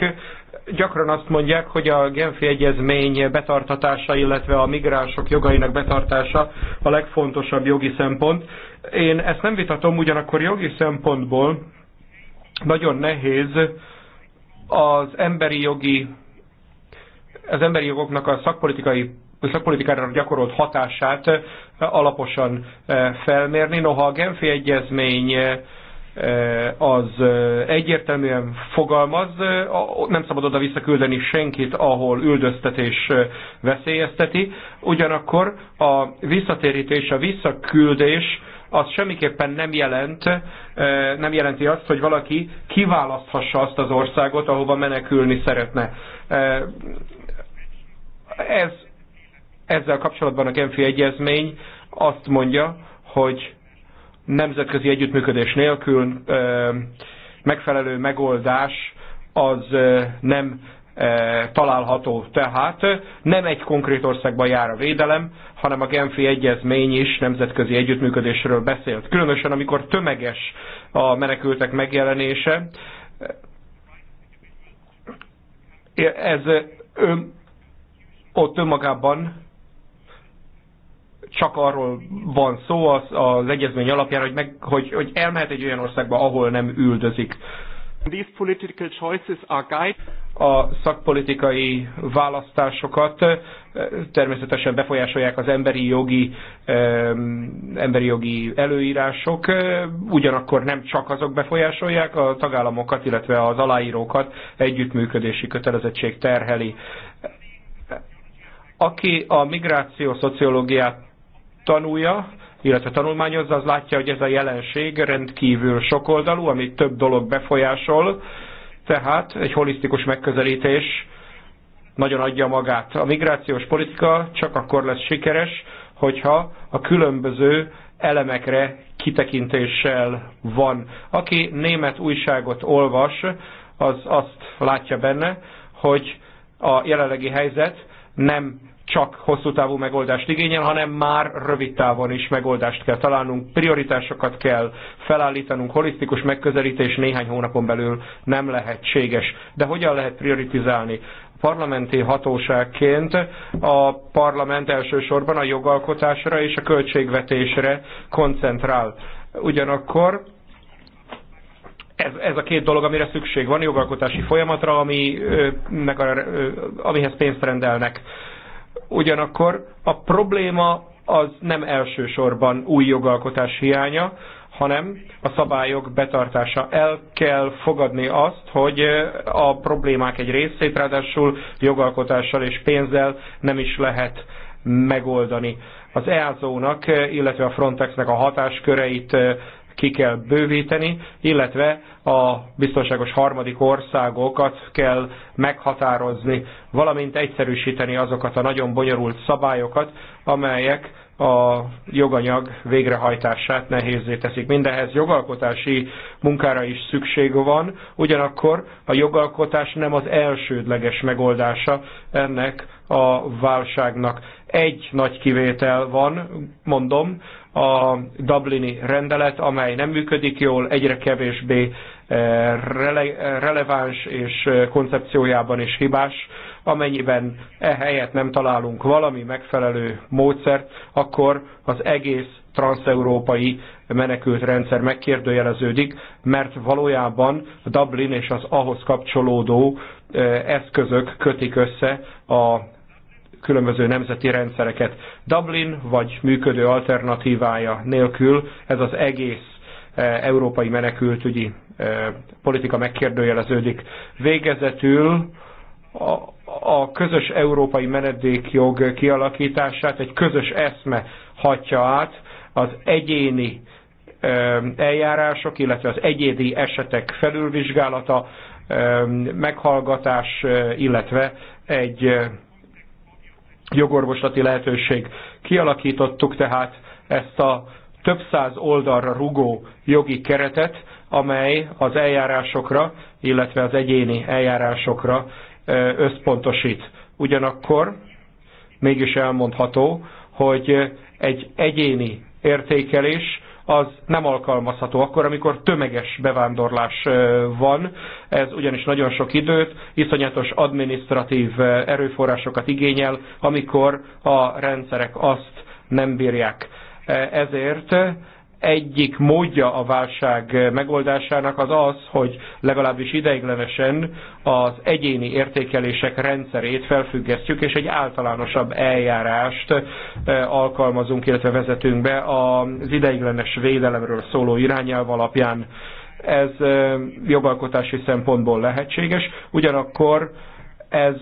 gyakran azt mondják, hogy a Genfi Egyezmény betartatása, illetve a migránsok jogainak betartása a legfontosabb jogi szempont. Én ezt nem vitatom, ugyanakkor jogi szempontból nagyon nehéz az emberi jogi az emberi jogoknak a szakpolitikai a szakpolitikára gyakorolt hatását alaposan eh, felmérni. Noha a Genfi Egyezmény eh, az egyértelműen fogalmaz, nem szabad oda visszaküldeni senkit, ahol üldöztetés veszélyezteti. Ugyanakkor a visszatérítés, a visszaküldés az semmiképpen nem jelent, nem jelenti azt, hogy valaki kiválaszthassa azt az országot, ahova menekülni szeretne. Ez, ezzel kapcsolatban a Genfi Egyezmény azt mondja, hogy nemzetközi együttműködés nélkül megfelelő megoldás az nem található. Tehát nem egy konkrét országban jár a védelem, hanem a Genfi Egyezmény is nemzetközi együttműködésről beszélt. Különösen amikor tömeges a menekültek megjelenése, ez ön, ott önmagában csak arról van szó az, az egyezmény alapján, hogy, meg, hogy, hogy elmehet egy olyan országba, ahol nem üldözik. These political choices are guide. A szakpolitikai választásokat eh, természetesen befolyásolják az emberi jogi, eh, emberi jogi előírások, eh, ugyanakkor nem csak azok befolyásolják a tagállamokat, illetve az aláírókat együttműködési kötelezettség terheli. Aki a migráció szociológiát tanulja, illetve tanulmányozza, az látja, hogy ez a jelenség rendkívül sokoldalú, ami több dolog befolyásol, tehát egy holisztikus megközelítés nagyon adja magát. A migrációs politika csak akkor lesz sikeres, hogyha a különböző elemekre kitekintéssel van. Aki német újságot olvas, az azt látja benne, hogy a jelenlegi helyzet nem csak hosszú távú megoldást igényel, hanem már rövid távon is megoldást kell találnunk, prioritásokat kell felállítanunk, holisztikus megközelítés néhány hónapon belül nem lehetséges. De hogyan lehet prioritizálni? parlamenti hatóságként a parlament elsősorban a jogalkotásra és a költségvetésre koncentrál. Ugyanakkor ez, ez a két dolog, amire szükség van, jogalkotási folyamatra, ami, meg a, amihez pénzt rendelnek Ugyanakkor a probléma az nem elsősorban új jogalkotás hiánya, hanem a szabályok betartása. El kell fogadni azt, hogy a problémák egy részét ráadásul jogalkotással és pénzzel nem is lehet megoldani. Az EASO-nak, illetve a Frontexnek a hatásköreit ki kell bővíteni, illetve a biztonságos harmadik országokat kell meghatározni, valamint egyszerűsíteni azokat a nagyon bonyolult szabályokat, amelyek a joganyag végrehajtását nehézé teszik. Mindehez jogalkotási munkára is szükség van, ugyanakkor a jogalkotás nem az elsődleges megoldása ennek a válságnak. Egy nagy kivétel van, mondom, a Dublini rendelet, amely nem működik jól, egyre kevésbé eh, rele, releváns és eh, koncepciójában is hibás. Amennyiben ehelyett nem találunk valami megfelelő módszert, akkor az egész transeurópai menekült rendszer megkérdőjeleződik, mert valójában Dublin és az ahhoz kapcsolódó eh, eszközök kötik össze a különböző nemzeti rendszereket. Dublin vagy működő alternatívája nélkül ez az egész e, európai menekültügyi e, politika megkérdőjeleződik. Végezetül a, a közös európai menedékjog kialakítását egy közös eszme hatja át az egyéni e, eljárások, illetve az egyédi esetek felülvizsgálata, meghallgatás, illetve egy jogorvoslati lehetőség. Kialakítottuk tehát ezt a több száz oldalra rugó jogi keretet, amely az eljárásokra, illetve az egyéni eljárásokra összpontosít. Ugyanakkor mégis elmondható, hogy egy egyéni értékelés az nem alkalmazható akkor, amikor tömeges bevándorlás van. Ez ugyanis nagyon sok időt, iszonyatos administratív erőforrásokat igényel, amikor a rendszerek azt nem bírják. Ezért egyik módja a válság megoldásának az az, hogy legalábbis ideiglenesen az egyéni értékelések rendszerét felfüggesztjük, és egy általánosabb eljárást alkalmazunk, illetve vezetünk be az ideiglenes védelemről szóló irányelv alapján. Ez jogalkotási szempontból lehetséges, ugyanakkor ez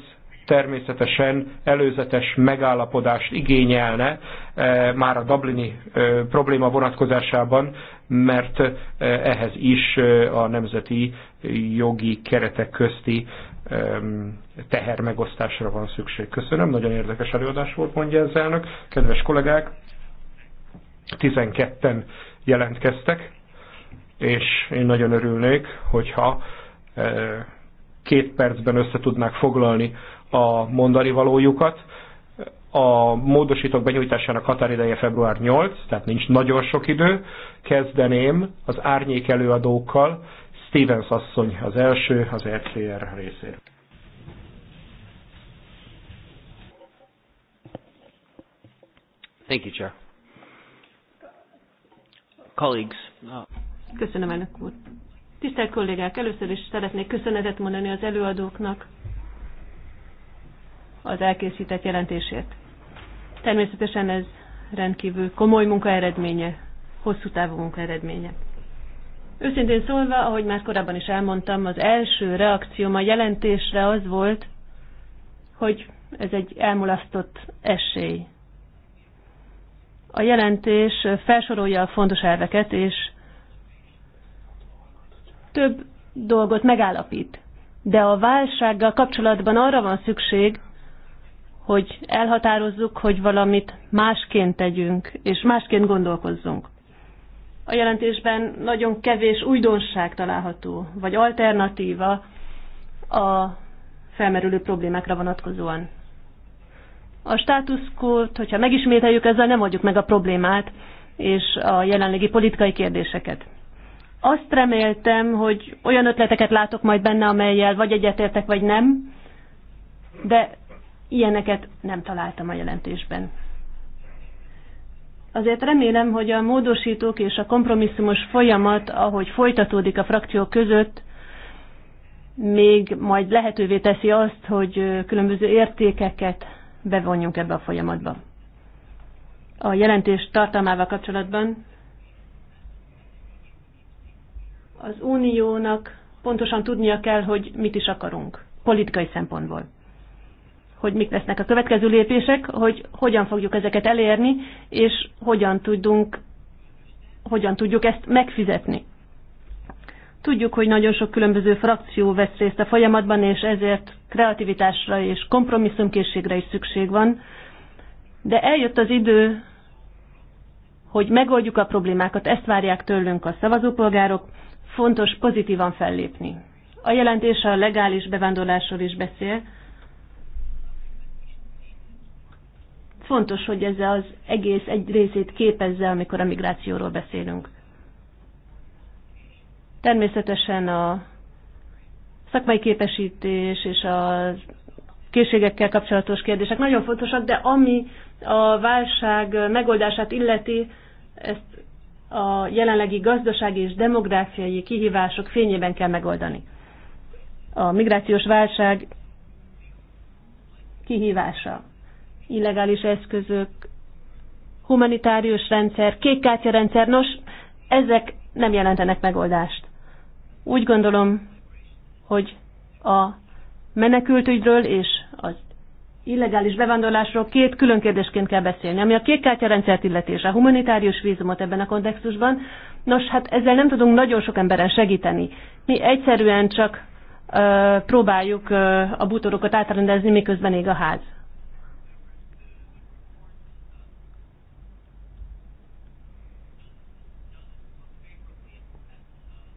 természetesen előzetes megállapodást igényelne e, már a Dublini e, probléma vonatkozásában, mert e, ehhez is a nemzeti jogi keretek közti teher megosztásra van szükség. Köszönöm, nagyon érdekes előadás volt, mondja ez elnök. Kedves kollégák, 12-en jelentkeztek, és én nagyon örülnék, hogyha két percben össze tudnák foglalni a mondani valójukat. A módosítók benyújtásának határideje február 8, tehát nincs nagyon sok idő. Kezdeném az árnyék előadókkal. Stevens asszony az első, az ECR részéről. Thank you, Chair. Colleagues. Uh, Köszönöm, elnök úr. Tisztelt kollégák, először is szeretnék köszönetet mondani az előadóknak az elkészített jelentését. Természetesen ez rendkívül komoly munka eredménye, hosszú távú munka eredménye. Őszintén szólva, ahogy már korábban is elmondtam, az első reakcióm a jelentésre az volt, hogy ez egy elmulasztott esély. A jelentés felsorolja a fontos elveket, és több dolgot megállapít. De a válsággal kapcsolatban arra van szükség, hogy elhatározzuk, hogy valamit másként tegyünk, és másként gondolkozzunk. A jelentésben nagyon kevés újdonság található, vagy alternatíva a felmerülő problémákra vonatkozóan. A státuszkót, hogyha megismételjük, ezzel nem adjuk meg a problémát és a jelenlegi politikai kérdéseket. Azt reméltem, hogy olyan ötleteket látok majd benne, amelyel vagy egyetértek, vagy nem, de Ilyeneket nem találtam a jelentésben. Azért remélem, hogy a módosítók és a kompromisszumos folyamat, ahogy folytatódik a frakciók között, még majd lehetővé teszi azt, hogy különböző értékeket bevonjunk ebbe a folyamatba. A jelentés tartalmával kapcsolatban az uniónak pontosan tudnia kell, hogy mit is akarunk, politikai szempontból hogy mik lesznek a következő lépések, hogy hogyan fogjuk ezeket elérni, és hogyan tudunk, hogyan tudjuk ezt megfizetni. Tudjuk, hogy nagyon sok különböző frakció vesz részt a folyamatban, és ezért kreativitásra és kompromisszumkészségre is szükség van. De eljött az idő, hogy megoldjuk a problémákat, ezt várják tőlünk a szavazópolgárok, fontos pozitívan fellépni. A jelentés a legális bevándorlásról is beszél, Fontos, hogy ez az egész egy részét képezze, amikor a migrációról beszélünk. Természetesen a szakmai képesítés és a készségekkel kapcsolatos kérdések nagyon fontosak, de ami a válság megoldását illeti, ezt a jelenlegi gazdasági és demográfiai kihívások fényében kell megoldani. A migrációs válság kihívása illegális eszközök, humanitárius rendszer, kékkártya rendszer, nos, ezek nem jelentenek megoldást. Úgy gondolom, hogy a menekültügyről és az illegális bevándorlásról két külön kérdésként kell beszélni. Ami a kékkártya rendszert illeti és a humanitárius vízumot ebben a kontextusban, nos, hát ezzel nem tudunk nagyon sok emberen segíteni. Mi egyszerűen csak ö, próbáljuk ö, a bútorokat átrendezni, miközben ég a ház.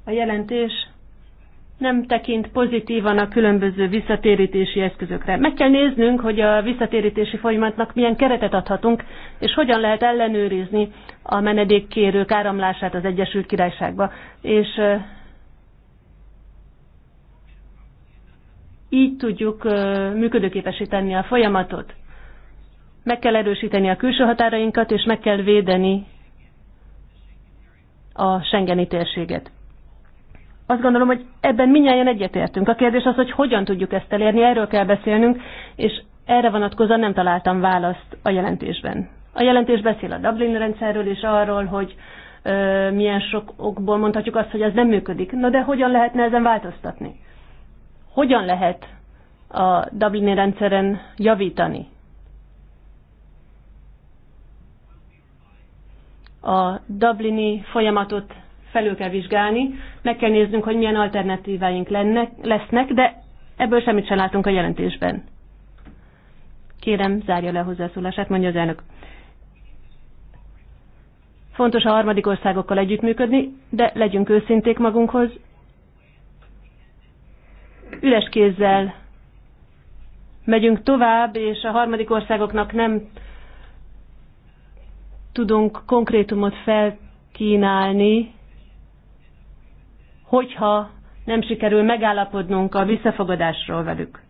a jelentés nem tekint pozitívan a különböző visszatérítési eszközökre. Meg kell néznünk, hogy a visszatérítési folyamatnak milyen keretet adhatunk, és hogyan lehet ellenőrizni a menedékkérők áramlását az Egyesült Királyságba. És így tudjuk működőképesíteni a folyamatot. Meg kell erősíteni a külső határainkat, és meg kell védeni a Schengeni térséget azt gondolom, hogy ebben minnyáján egyetértünk. A kérdés az, hogy hogyan tudjuk ezt elérni, erről kell beszélnünk, és erre vonatkozóan nem találtam választ a jelentésben. A jelentés beszél a Dublin rendszerről és arról, hogy ö, milyen sok okból mondhatjuk azt, hogy ez nem működik. Na de hogyan lehetne ezen változtatni? Hogyan lehet a Dublini rendszeren javítani? A Dublini folyamatot felül kell vizsgálni, meg kell néznünk, hogy milyen alternatíváink lennek, lesznek, de ebből semmit sem látunk a jelentésben. Kérem, zárja le a hozzászólását, mondja az elnök. Fontos a harmadik országokkal együttműködni, de legyünk őszinték magunkhoz. Üres kézzel megyünk tovább, és a harmadik országoknak nem tudunk konkrétumot felkínálni hogyha nem sikerül megállapodnunk a visszafogadásról velük.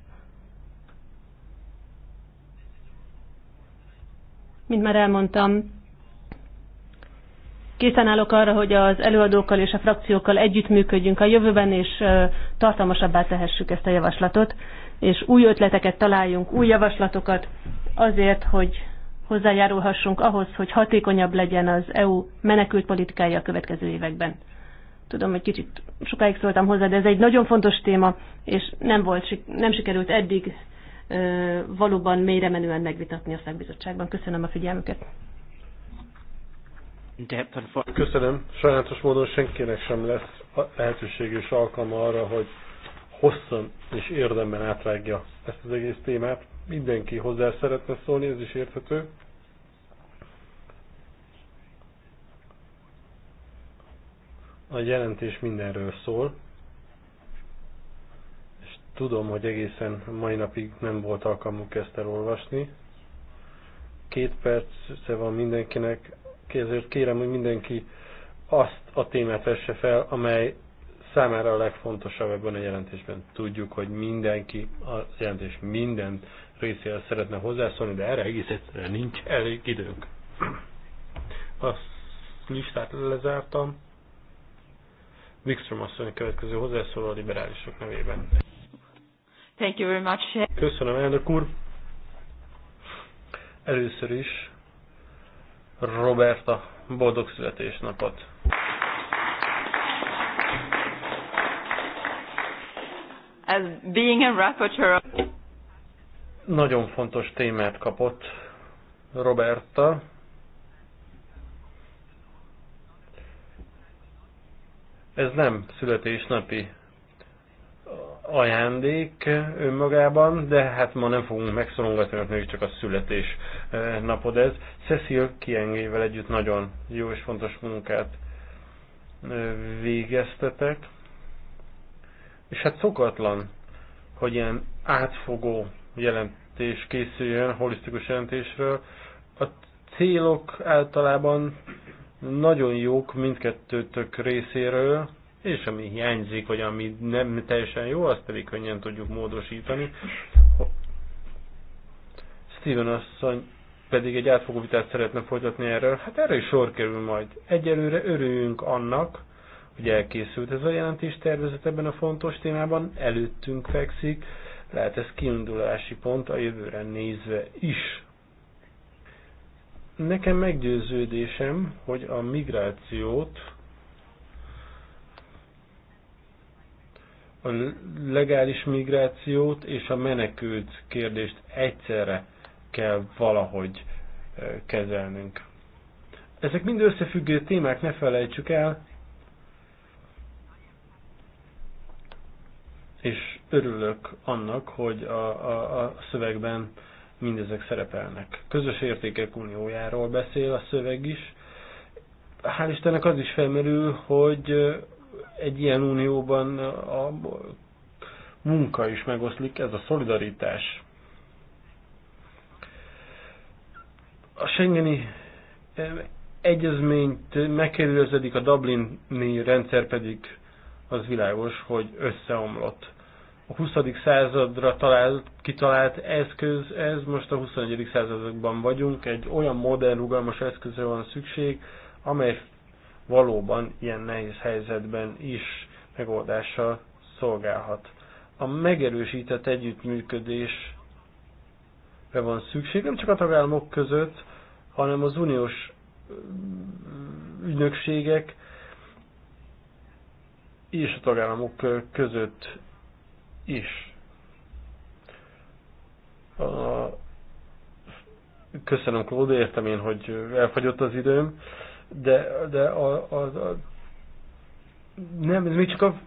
Mint már elmondtam, készen állok arra, hogy az előadókkal és a frakciókkal együttműködjünk a jövőben, és tartalmasabbá tehessük ezt a javaslatot, és új ötleteket találjunk, új javaslatokat azért, hogy hozzájárulhassunk ahhoz, hogy hatékonyabb legyen az EU menekültpolitikája a következő években. Tudom, hogy kicsit sokáig szóltam hozzá, de ez egy nagyon fontos téma, és nem, volt, nem sikerült eddig valóban mélyre menően megvitatni a szakbizottságban. Köszönöm a figyelmüket. Köszönöm. Sajnálatos módon senkinek sem lesz lehetőség és alkalma arra, hogy hosszan és érdemben átvágja ezt az egész témát. Mindenki hozzá szeretne szólni, ez is érthető. A jelentés mindenről szól, és tudom, hogy egészen mai napig nem volt alkalmuk ezt elolvasni. Két perce van mindenkinek, ezért kérem, hogy mindenki azt a témát vesse fel, amely számára a legfontosabb ebben a jelentésben. Tudjuk, hogy mindenki, a jelentés minden részéhez szeretne hozzászólni, de erre egész egyszerűen nincs elég időnk. A listát lezártam. Wikström asszony következő hozzászóló a liberálisok nevében. Thank you very much. Köszönöm, elnök úr. Először is Roberta boldog születésnapot. As being a rapporteur. Nagyon fontos témát kapott Roberta. Ez nem születésnapi ajándék önmagában, de hát ma nem fogunk megszorongatni, mert még csak a születés eh, napod ez. Cecil kiengével együtt nagyon jó és fontos munkát eh, végeztetek. És hát szokatlan, hogy ilyen átfogó jelentés készüljön, holisztikus jelentésről. A célok általában nagyon jók mindkettőtök részéről, és ami hiányzik, vagy ami nem teljesen jó, azt pedig könnyen tudjuk módosítani. Steven asszony pedig egy átfogó vitát szeretne folytatni erről. Hát erre is sor kerül majd. Egyelőre örüljünk annak, hogy elkészült ez a jelentés tervezet ebben a fontos témában, előttünk fekszik, lehet ez kiindulási pont a jövőre nézve is. Nekem meggyőződésem, hogy a migrációt a legális migrációt és a menekült kérdést egyszerre kell valahogy eh, kezelnünk. Ezek mind összefüggő témák, ne felejtsük el, és örülök annak, hogy a, a, a szövegben mindezek szerepelnek. Közös értékek uniójáról beszél a szöveg is. Hál' Istennek az is felmerül, hogy egy ilyen unióban a munka is megoszlik, ez a szolidaritás. A Schengeni egyezményt megkerülöződik, a Dublini rendszer pedig az világos, hogy összeomlott a 20. századra talált, kitalált eszköz, ez most a 21. században vagyunk, egy olyan modern, rugalmas eszközre van szükség, amely valóban ilyen nehéz helyzetben is megoldással szolgálhat. A megerősített együttműködésre van szükség, nem csak a tagállamok között, hanem az uniós mm, ügynökségek és a tagállamok között is. A... Köszönöm, Klóde, értem én, hogy elfogyott az időm, de, de a, a, a... nem, ez még csak a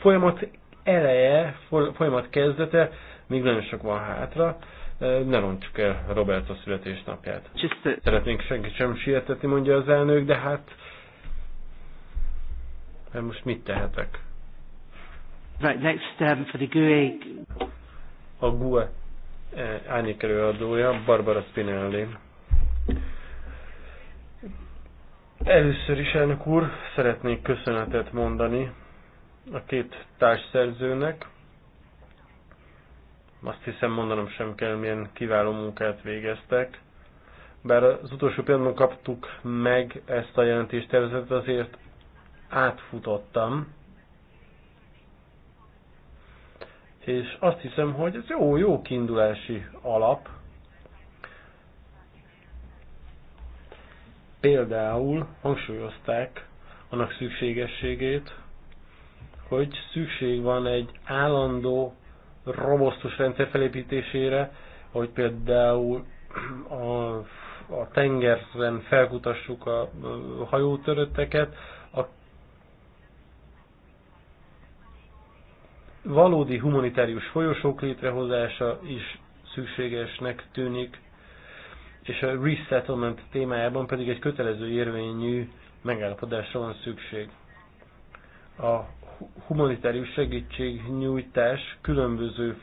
folyamat eleje, folyamat kezdete, még nagyon sok van hátra e, ne rontsuk el Robert a születésnapját. Just Szeretnénk senkit sem sietetni, mondja az elnök, de hát... Hát most mit tehetek? Right, next um, for the GUE. A GUE eh, árnyékelőadója Barbara Spinelli. Először is, elnök úr, szeretnék köszönetet mondani a két társszerzőnek. Azt hiszem mondanom sem kell, milyen kiváló munkát végeztek. Bár az utolsó pillanatban kaptuk meg ezt a jelentést azért átfutottam és azt hiszem, hogy ez jó, jó kiindulási alap. Például hangsúlyozták annak szükségességét, hogy szükség van egy állandó, robosztus rendszer felépítésére, hogy például a, a tengeren felkutassuk a hajótörötteket, Valódi humanitárius folyosók létrehozása is szükségesnek tűnik, és a resettlement témájában pedig egy kötelező érvényű megállapodásra van szükség. A humanitárius segítségnyújtás különböző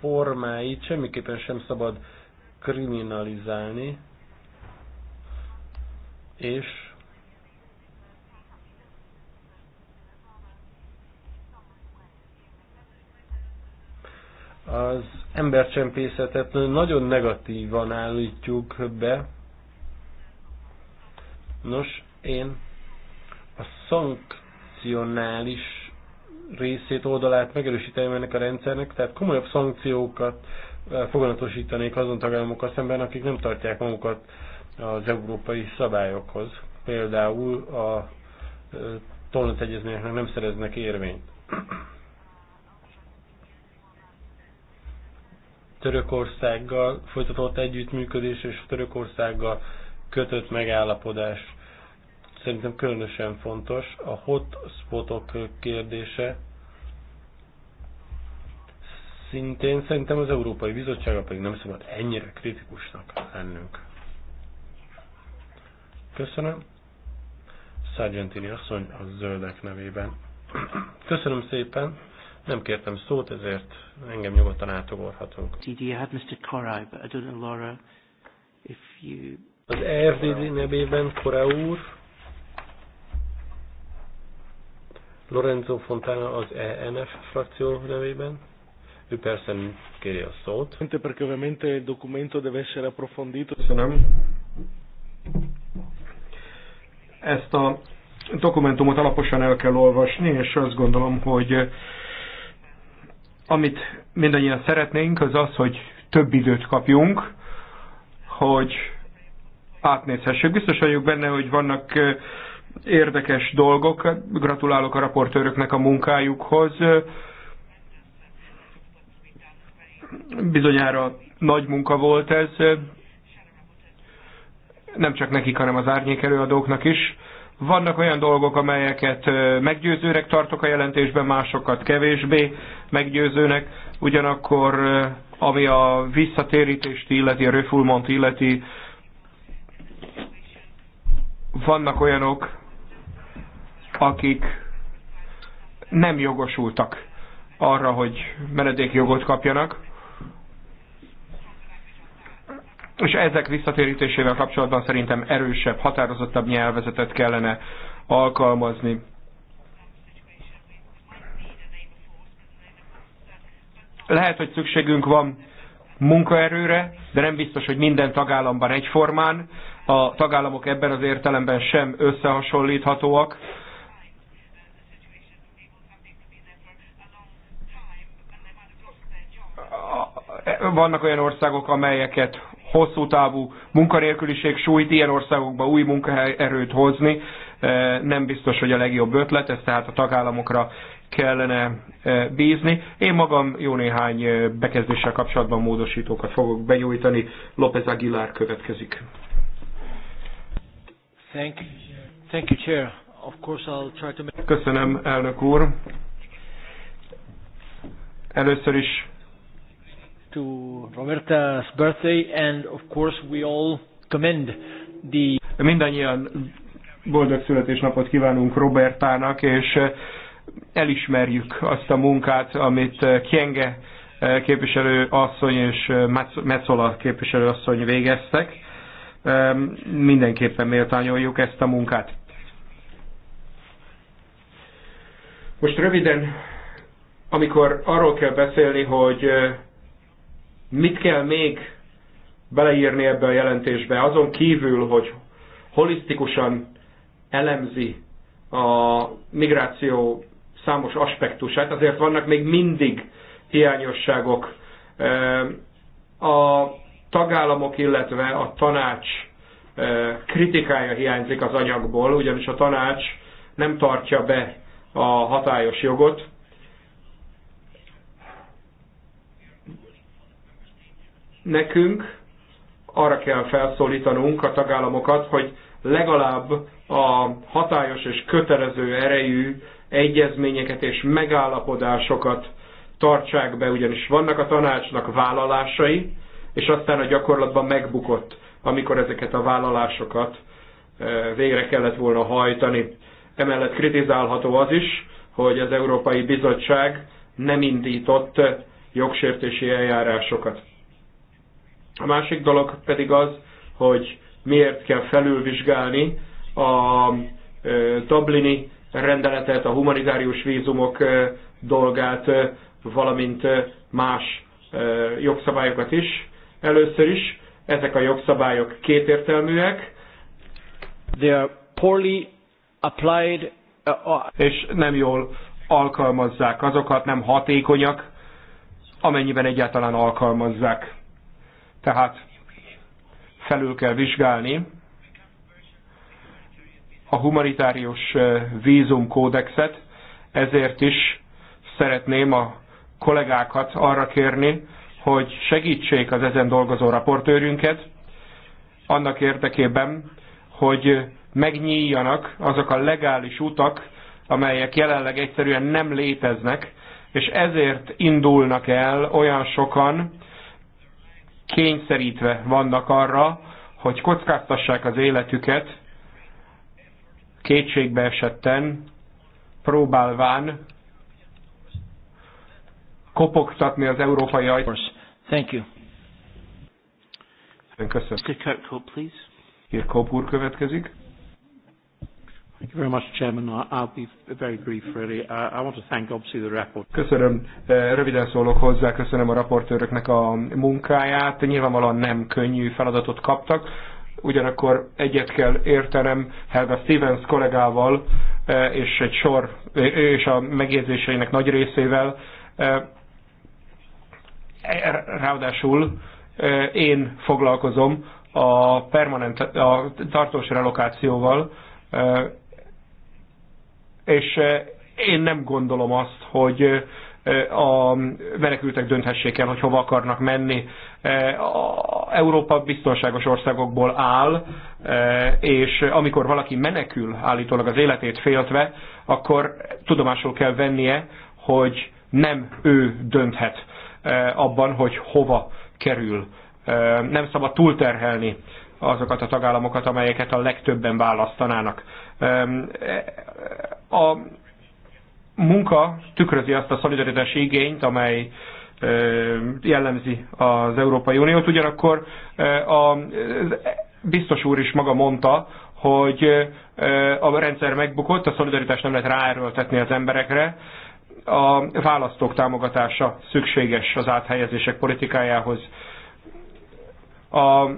formáit semmiképpen sem szabad kriminalizálni, és Az embercsempészetet nagyon negatívan állítjuk be. Nos, én a szankcionális részét, oldalát megerősíteni ennek a rendszernek, tehát komolyabb szankciókat eh, foganatosítanék azon tagállamokkal szemben, akik nem tartják magukat az európai szabályokhoz. Például a eh, tolnot egyezményeknek nem szereznek érvényt. Törökországgal folytatott együttműködés és Törökországgal kötött megállapodás szerintem különösen fontos. A hotspotok kérdése szintén szerintem az Európai Bizottsága pedig nem szabad ennyire kritikusnak lennünk. Köszönöm. Sargentini asszony a zöldek nevében. Köszönöm szépen. Nem kértem szót, ezért engem nyugodtan átugorhatunk. Az RDD nevében Kora úr, Lorenzo Fontana az ENF frakció nevében, ő persze kéri a szót. Köszönöm. Ezt a dokumentumot alaposan el kell olvasni, és azt gondolom, hogy amit mindannyian szeretnénk, az az, hogy több időt kapjunk, hogy átnézhessük. Biztos vagyok benne, hogy vannak érdekes dolgok. Gratulálok a raportőröknek a munkájukhoz. Bizonyára nagy munka volt ez, nem csak nekik, hanem az árnyék előadóknak is. Vannak olyan dolgok, amelyeket meggyőzőnek tartok a jelentésben, másokat kevésbé meggyőzőnek, ugyanakkor ami a visszatérítést illeti, a refoulement illeti, vannak olyanok, akik nem jogosultak arra, hogy menedékjogot kapjanak. és ezek visszatérítésével kapcsolatban szerintem erősebb, határozottabb nyelvezetet kellene alkalmazni. Lehet, hogy szükségünk van munkaerőre, de nem biztos, hogy minden tagállamban egyformán. A tagállamok ebben az értelemben sem összehasonlíthatóak. vannak olyan országok, amelyeket hosszú távú munkanélküliség súlyt ilyen országokba új munkaerőt hozni eh, nem biztos, hogy a legjobb ötlet, ezt tehát a tagállamokra kellene eh, bízni. Én magam jó néhány eh, bekezdéssel kapcsolatban módosítókat fogok benyújtani. López Aguilar következik. Thank you. Thank you, Chair. Of course I'll try to make... Köszönöm, elnök úr. Először is to Roberta's birthday, and of course we all commend the. Mindannyian boldog születésnapot kívánunk Robertának, és eh, elismerjük azt a munkát, amit eh, Kienge eh, képviselő asszony és Metzola képviselő asszony végeztek. Mindenképpen méltányoljuk ezt a munkát. Most röviden, amikor arról kell beszélni, hogy mit kell még beleírni ebbe a jelentésbe, azon kívül, hogy holisztikusan elemzi a migráció számos aspektusát, azért vannak még mindig hiányosságok. A tagállamok, illetve a tanács kritikája hiányzik az anyagból, ugyanis a tanács nem tartja be a hatályos jogot, Nekünk arra kell felszólítanunk a tagállamokat, hogy legalább a hatályos és kötelező erejű egyezményeket és megállapodásokat tartsák be, ugyanis vannak a tanácsnak vállalásai, és aztán a gyakorlatban megbukott, amikor ezeket a vállalásokat e, végre kellett volna hajtani. Emellett kritizálható az is, hogy az Európai Bizottság nem indított jogsértési eljárásokat. A másik dolog pedig az, hogy miért kell felülvizsgálni a Dublini rendeletet, a humanitárius vízumok dolgát, valamint más jogszabályokat is. Először is ezek a jogszabályok kétértelműek. They are poorly applied, uh, uh, és nem jól alkalmazzák azokat, nem hatékonyak, amennyiben egyáltalán alkalmazzák. Tehát felül kell vizsgálni a humanitárius eh, vízumkódexet, ezért is szeretném a kollégákat arra kérni, hogy segítsék az ezen dolgozó raportőrünket, annak érdekében, hogy megnyíljanak azok a legális utak, amelyek jelenleg egyszerűen nem léteznek, és ezért indulnak el olyan sokan kényszerítve vannak arra, hogy kockáztassák az életüket kétségbe esetten, próbálván kopogtatni az európai ajtót. Thank you. Köszönöm. Mr. Kirkhope, please. Kirkhope úr következik. Thank you very much, Chairman. I'll be very brief, really. Uh, I want to thank obviously the Köszönöm, uh, röviden szólok hozzá, köszönöm a raportőröknek a munkáját. Nyilvánvalóan nem könnyű feladatot kaptak, ugyanakkor egyet kell értenem Helga Stevens kollégával, uh, és egy sor, és a megjegyzéseinek nagy részével. Ráadásul én foglalkozom a permanent, a tartós relokációval, és eh, én nem gondolom azt, hogy eh, a menekültek dönthessék el, hogy hova akarnak menni. Eh, Európa biztonságos országokból áll, és amikor valaki menekül állítólag az életét féltve, akkor tudomásul kell vennie, hogy nem ő dönthet abban, hogy hova kerül. Nem szabad túlterhelni azokat a tagállamokat, amelyeket a legtöbben választanának a munka tükrözi azt a szolidaritási igényt, amely jellemzi az Európai Uniót. Ugyanakkor a biztos úr is maga mondta, hogy a rendszer megbukott, a szolidaritást nem lehet ráerőltetni az emberekre, a választók támogatása szükséges az áthelyezések politikájához. A,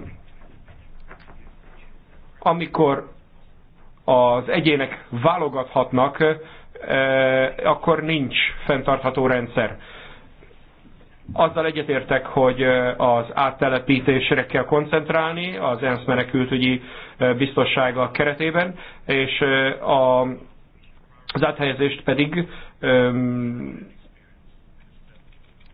amikor az egyének válogathatnak, akkor nincs fenntartható rendszer. Azzal egyetértek, hogy az áttelepítésre kell koncentrálni az ENSZ menekültügyi biztossága keretében, és a, az áthelyezést pedig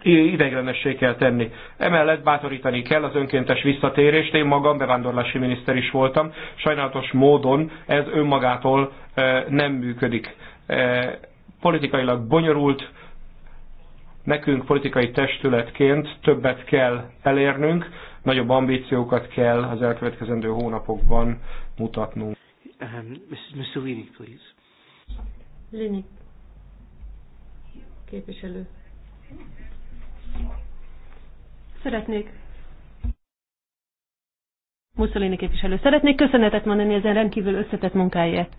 ideiglenessé kell tenni. Emellett bátorítani kell az önkéntes visszatérést. Én magam bevándorlási miniszter is voltam. Sajnálatos módon ez önmagától e, nem működik. E, politikailag bonyolult, nekünk politikai testületként többet kell elérnünk, nagyobb ambíciókat kell az elkövetkezendő hónapokban mutatnunk. Um, Mrs. Lini, please. Lini. Képviselő. Szeretnék. Mussolini képviselő. Szeretnék köszönetet mondani ezen rendkívül összetett munkáért.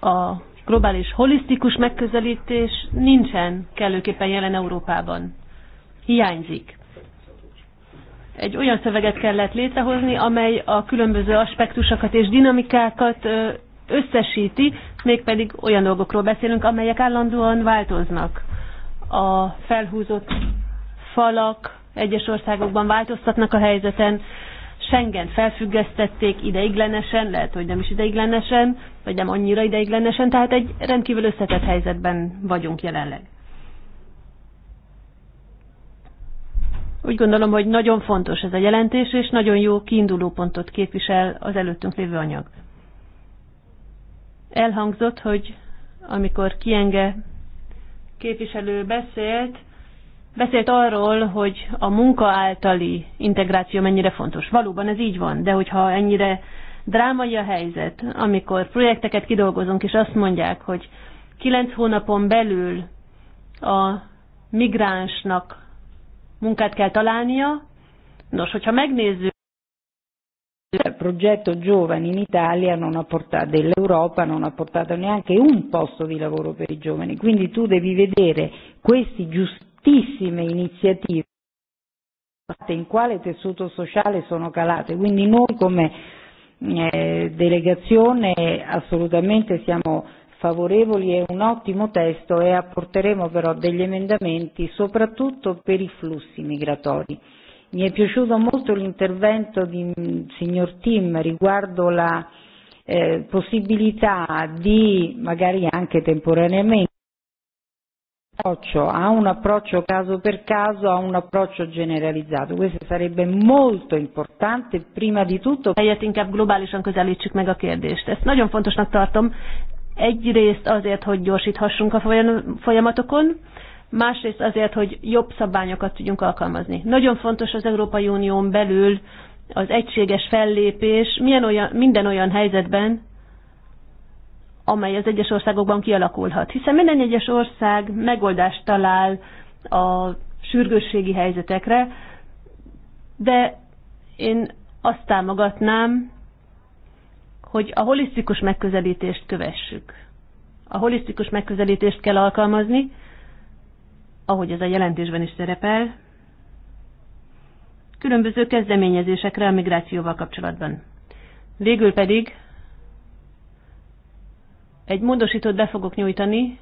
A globális holisztikus megközelítés nincsen kellőképpen jelen Európában. Hiányzik. Egy olyan szöveget kellett létrehozni, amely a különböző aspektusokat és dinamikákat összesíti, mégpedig olyan dolgokról beszélünk, amelyek állandóan változnak. A felhúzott falak egyes országokban változtatnak a helyzeten, Schengen felfüggesztették ideiglenesen, lehet, hogy nem is ideiglenesen, vagy nem annyira ideiglenesen, tehát egy rendkívül összetett helyzetben vagyunk jelenleg. Úgy gondolom, hogy nagyon fontos ez a jelentés, és nagyon jó kiinduló pontot képvisel az előttünk lévő anyag. Elhangzott, hogy amikor Kienge képviselő beszélt, beszélt arról, hogy a munka általi integráció mennyire fontos. Valóban ez így van, de hogyha ennyire drámai a helyzet, amikor projekteket kidolgozunk, és azt mondják, hogy kilenc hónapon belül a migránsnak munkát kell találnia, nos, hogyha megnézzük, il progetto giovani in Italia non ha portato, dell'Europa non ha portato neanche un posto di lavoro per i giovani. Quindi tu devi vedere queste giustissime iniziative in quale tessuto sociale sono calate. Quindi noi come eh, delegazione assolutamente siamo favorevoli, è un ottimo testo e apporteremo però degli emendamenti soprattutto per i flussi migratori mi è piaciuto molto l'intervento di signor Tim riguardo la eh, possibilità di, magari anche temporaneamente, a un approccio caso per caso, a un approccio generalizzato. Questo sarebbe molto importante, prima di tutto. Helyett inkább globálisan közelítsük meg a kérdést. Ezt nagyon fontosnak tartom. Egyrészt azért, hogy gyorsíthassunk a folyamatokon, másrészt azért, hogy jobb szabványokat tudjunk alkalmazni. Nagyon fontos az Európai Unión belül az egységes fellépés milyen olyan, minden olyan helyzetben, amely az egyes országokban kialakulhat. Hiszen minden egyes ország megoldást talál a sürgősségi helyzetekre, de én azt támogatnám, hogy a holisztikus megközelítést kövessük. A holisztikus megközelítést kell alkalmazni, ahogy ez a jelentésben is szerepel, különböző kezdeményezésekre a migrációval kapcsolatban. Végül pedig egy módosítót be fogok nyújtani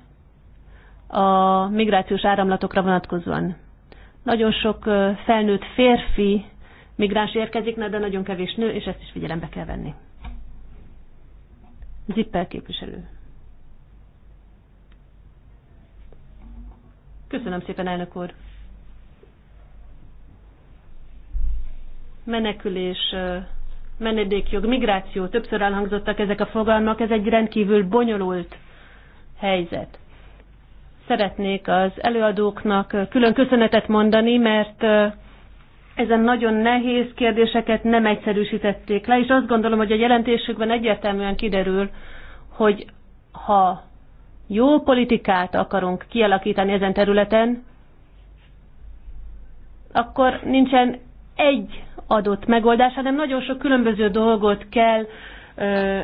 a migrációs áramlatokra vonatkozóan. Nagyon sok felnőtt férfi migráns érkezik, de nagyon kevés nő, és ezt is figyelembe kell venni. Zippel képviselő. Köszönöm szépen, elnök úr. Menekülés, menedékjog, migráció, többször elhangzottak ezek a fogalmak, ez egy rendkívül bonyolult helyzet. Szeretnék az előadóknak külön köszönetet mondani, mert ezen nagyon nehéz kérdéseket nem egyszerűsítették le, és azt gondolom, hogy a jelentésükben egyértelműen kiderül, hogy ha jó politikát akarunk kialakítani ezen területen, akkor nincsen egy adott megoldás, hanem nagyon sok különböző dolgot kell ö,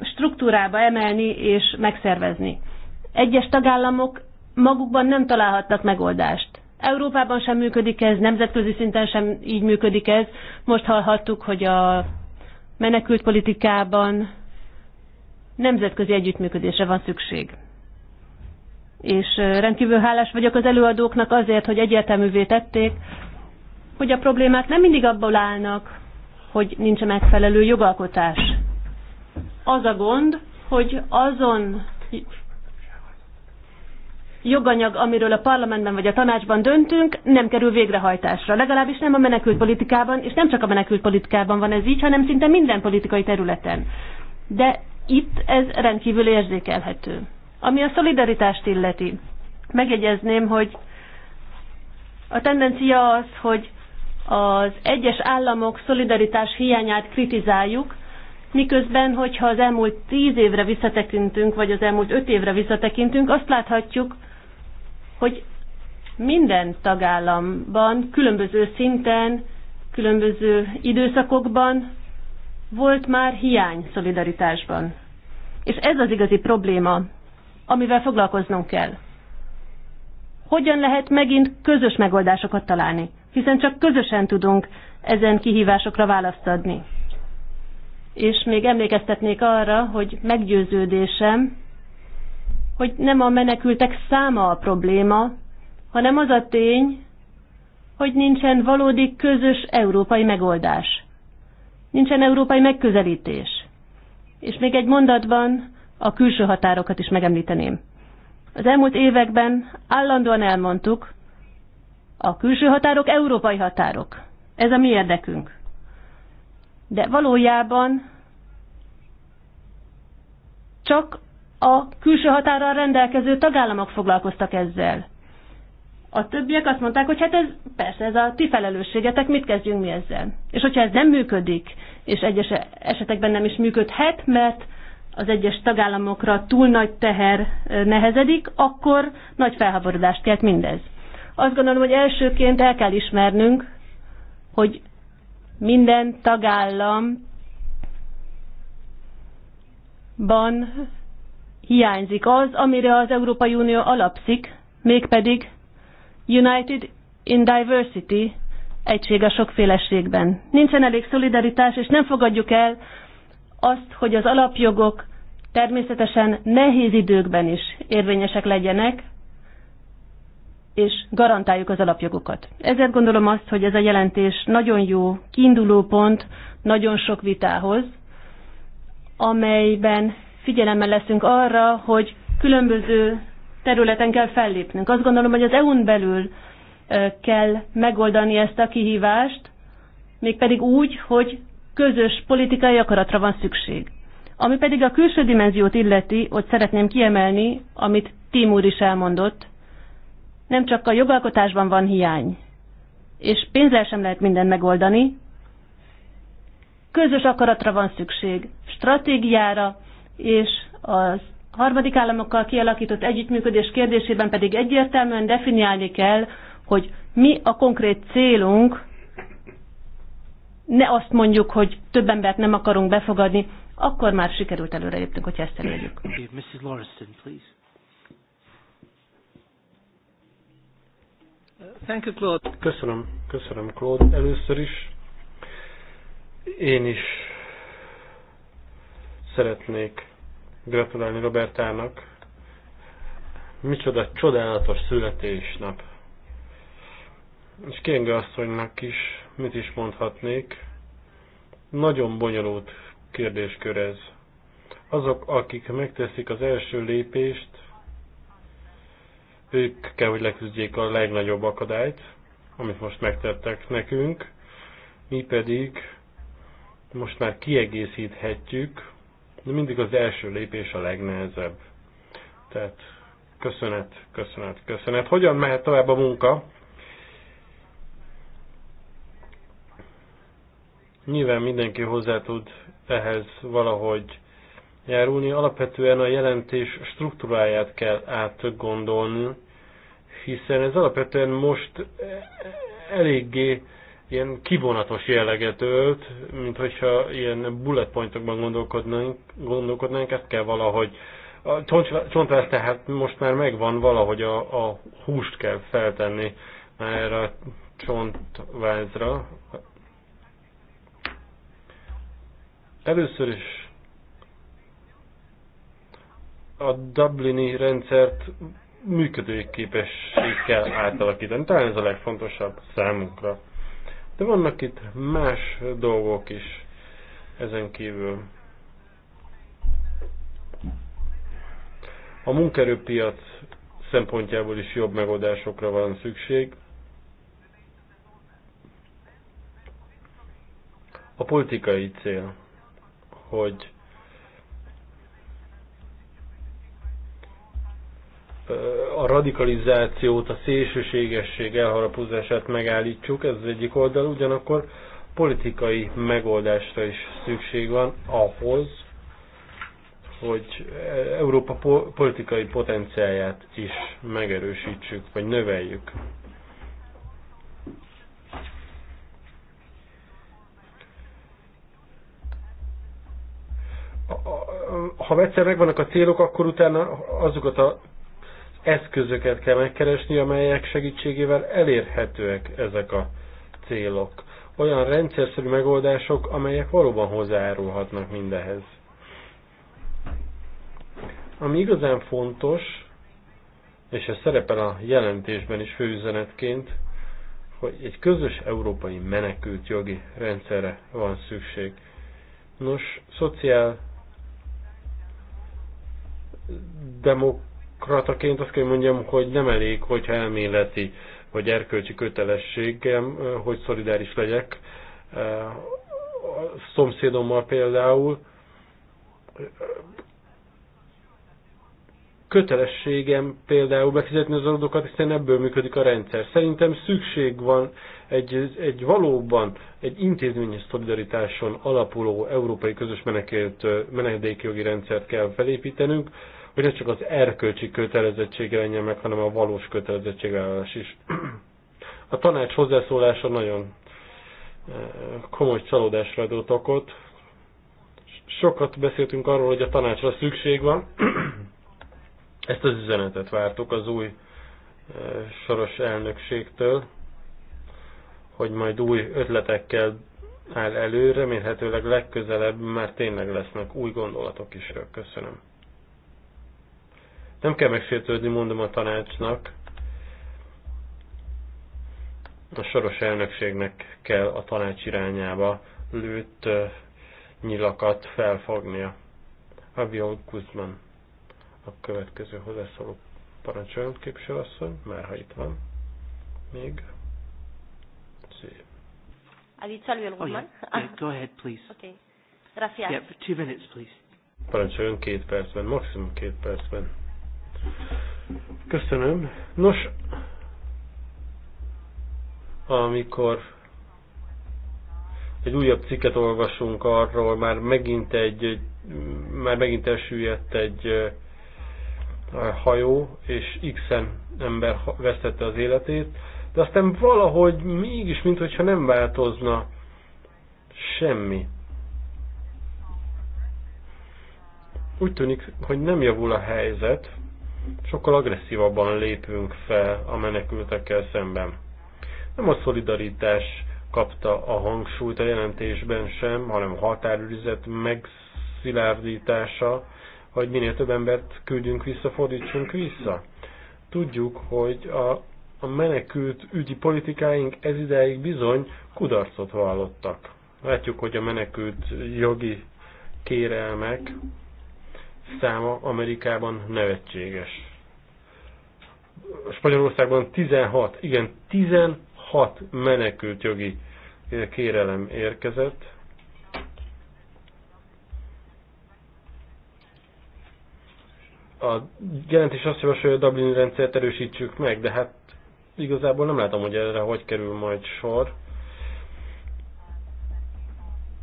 struktúrába emelni és megszervezni. Egyes tagállamok magukban nem találhattak megoldást. Európában sem működik ez, nemzetközi szinten sem így működik ez. Most hallhattuk, hogy a menekült politikában nemzetközi együttműködésre van szükség. És rendkívül hálás vagyok az előadóknak azért, hogy egyértelművé tették, hogy a problémák nem mindig abból állnak, hogy nincs megfelelő jogalkotás. Az a gond, hogy azon joganyag, amiről a parlamentben vagy a tanácsban döntünk, nem kerül végrehajtásra. Legalábbis nem a menekült politikában, és nem csak a menekült politikában van ez így, hanem szinte minden politikai területen. De itt ez rendkívül érzékelhető. Ami a szolidaritást illeti, megjegyezném, hogy a tendencia az, hogy az egyes államok szolidaritás hiányát kritizáljuk, miközben, hogyha az elmúlt tíz évre visszatekintünk, vagy az elmúlt öt évre visszatekintünk, azt láthatjuk, hogy minden tagállamban, különböző szinten, különböző időszakokban volt már hiány szolidaritásban. És ez az igazi probléma, amivel foglalkoznunk kell. Hogyan lehet megint közös megoldásokat találni? Hiszen csak közösen tudunk ezen kihívásokra választ adni. És még emlékeztetnék arra, hogy meggyőződésem, hogy nem a menekültek száma a probléma, hanem az a tény, hogy nincsen valódi közös európai megoldás. Nincsen európai megközelítés. És még egy mondatban a külső határokat is megemlíteném. Az elmúlt években állandóan elmondtuk, a külső határok európai határok. Ez a mi érdekünk. De valójában csak a külső határral rendelkező tagállamok foglalkoztak ezzel. A többiek azt mondták, hogy hát ez persze, ez a ti felelősségetek, mit kezdjünk mi ezzel? És hogyha ez nem működik, és egyes esetekben nem is működhet, mert az egyes tagállamokra túl nagy teher nehezedik, akkor nagy felháborodást kelt mindez. Azt gondolom, hogy elsőként el kell ismernünk, hogy minden tagállamban hiányzik az, amire az Európai Unió alapszik, mégpedig United in Diversity, egység a sokféleségben. Nincsen elég szolidaritás, és nem fogadjuk el azt, hogy az alapjogok természetesen nehéz időkben is érvényesek legyenek, és garantáljuk az alapjogokat. Ezért gondolom azt, hogy ez a jelentés nagyon jó kiinduló pont nagyon sok vitához, amelyben figyelemmel leszünk arra, hogy különböző területen kell fellépnünk. Azt gondolom, hogy az EU-n belül kell megoldani ezt a kihívást, mégpedig úgy, hogy közös politikai akaratra van szükség. Ami pedig a külső dimenziót illeti, ott szeretném kiemelni, amit Timur úr is elmondott, nem csak a jogalkotásban van hiány, és pénzzel sem lehet mindent megoldani, közös akaratra van szükség, stratégiára és az harmadik államokkal kialakított együttműködés kérdésében pedig egyértelműen definiálni kell, hogy mi a konkrét célunk, ne azt mondjuk, hogy több embert nem akarunk befogadni, akkor már sikerült jöttünk, hogy ezt elérjük. Mrs. Lauriston, please. Thank you, Claude. Köszönöm, köszönöm, Claude. Először is én is szeretnék gratulálni Robertának. Micsoda csodálatos születésnap. És Kénge asszonynak is, mit is mondhatnék, nagyon bonyolult kérdéskör ez. Azok, akik megteszik az első lépést, ők kell, hogy leküzdjék a legnagyobb akadályt, amit most megtettek nekünk, mi pedig most már kiegészíthetjük de mindig az első lépés a legnehezebb. Tehát köszönet, köszönet, köszönet. Hogyan mehet tovább a munka? Nyilván mindenki hozzá tud ehhez valahogy járulni. Alapvetően a jelentés struktúráját kell átgondolni, hiszen ez alapvetően most eléggé ilyen kivonatos jelleget ölt, mint hogyha ilyen bullet pointokban gondolkodnánk, gondolkodnánk ezt kell valahogy. A csontváz tehát most már megvan, valahogy a, a húst kell feltenni erre a csontvázra. Először is a Dublini rendszert működőképesség kell átalakítani. Talán ez a legfontosabb számunkra. De vannak itt más dolgok is ezen kívül. A munkerőpiac szempontjából is jobb megoldásokra van szükség. A politikai cél, hogy a radikalizációt, a szélsőségesség elharapozását megállítsuk, ez az egyik oldal, ugyanakkor politikai megoldásra is szükség van ahhoz, hogy Európa politikai potenciáját is megerősítsük, vagy növeljük. Ha egyszer megvannak a célok, akkor utána azokat a eszközöket kell megkeresni, amelyek segítségével elérhetőek ezek a célok. Olyan rendszerszerű megoldások, amelyek valóban hozzájárulhatnak mindehez. Ami igazán fontos, és ez szerepel a jelentésben is főüzenetként, hogy egy közös európai menekült jogi rendszerre van szükség. Nos, szociál demok demokrataként azt kell mondjam, hogy nem elég, hogyha elméleti vagy erkölcsi kötelességem, hogy szolidáris legyek. A szomszédommal például kötelességem például befizetni az adókat, hiszen ebből működik a rendszer. Szerintem szükség van egy, egy valóban egy intézményes szolidaritáson alapuló európai közös menekült, menedékjogi rendszert kell felépítenünk, hogy ez csak az erkölcsi kötelezettsége lenjen meg, hanem a valós kötelezettségvállalás is. A tanács hozzászólása nagyon eh, komoly csalódásra adott okot. Sokat beszéltünk arról, hogy a tanácsra szükség van. Ezt az üzenetet vártuk az új eh, soros elnökségtől, hogy majd új ötletekkel áll elő, remélhetőleg legközelebb már tényleg lesznek új gondolatok is. Köszönöm. Nem kell megsértődni, mondom a tanácsnak. A soros elnökségnek kell a tanács irányába lőtt nyilakat felfognia. Avion Kuzman a következő hozzászóló parancsoljon képviselőasszony, már ha itt van. Még. Szép. Alicia oh, yeah, Go ahead, please. Okay. Gracias. Yeah, two minutes, please. Parancsoljon két percben, maximum két percben. Köszönöm. Nos, amikor egy újabb cikket olvasunk arról, már megint egy, már megint elsüllyedt egy hajó, és X-en ember vesztette az életét, de aztán valahogy mégis, mintha nem változna semmi. Úgy tűnik, hogy nem javul a helyzet, sokkal agresszívabban lépünk fel a menekültekkel szemben. Nem a szolidaritás kapta a hangsúlyt a jelentésben sem, hanem a határőrizet megszilárdítása, hogy minél több embert küldjünk vissza, fordítsunk vissza. Tudjuk, hogy a, a menekült ügyi politikáink ez ideig bizony kudarcot vallottak. Látjuk, hogy a menekült jogi kérelmek száma Amerikában nevetséges. Spanyolországban 16, igen, 16 menekült jogi kérelem érkezett. A jelentés azt javasolja, hogy a Dublin rendszert erősítsük meg, de hát igazából nem látom, hogy erre hogy kerül majd sor.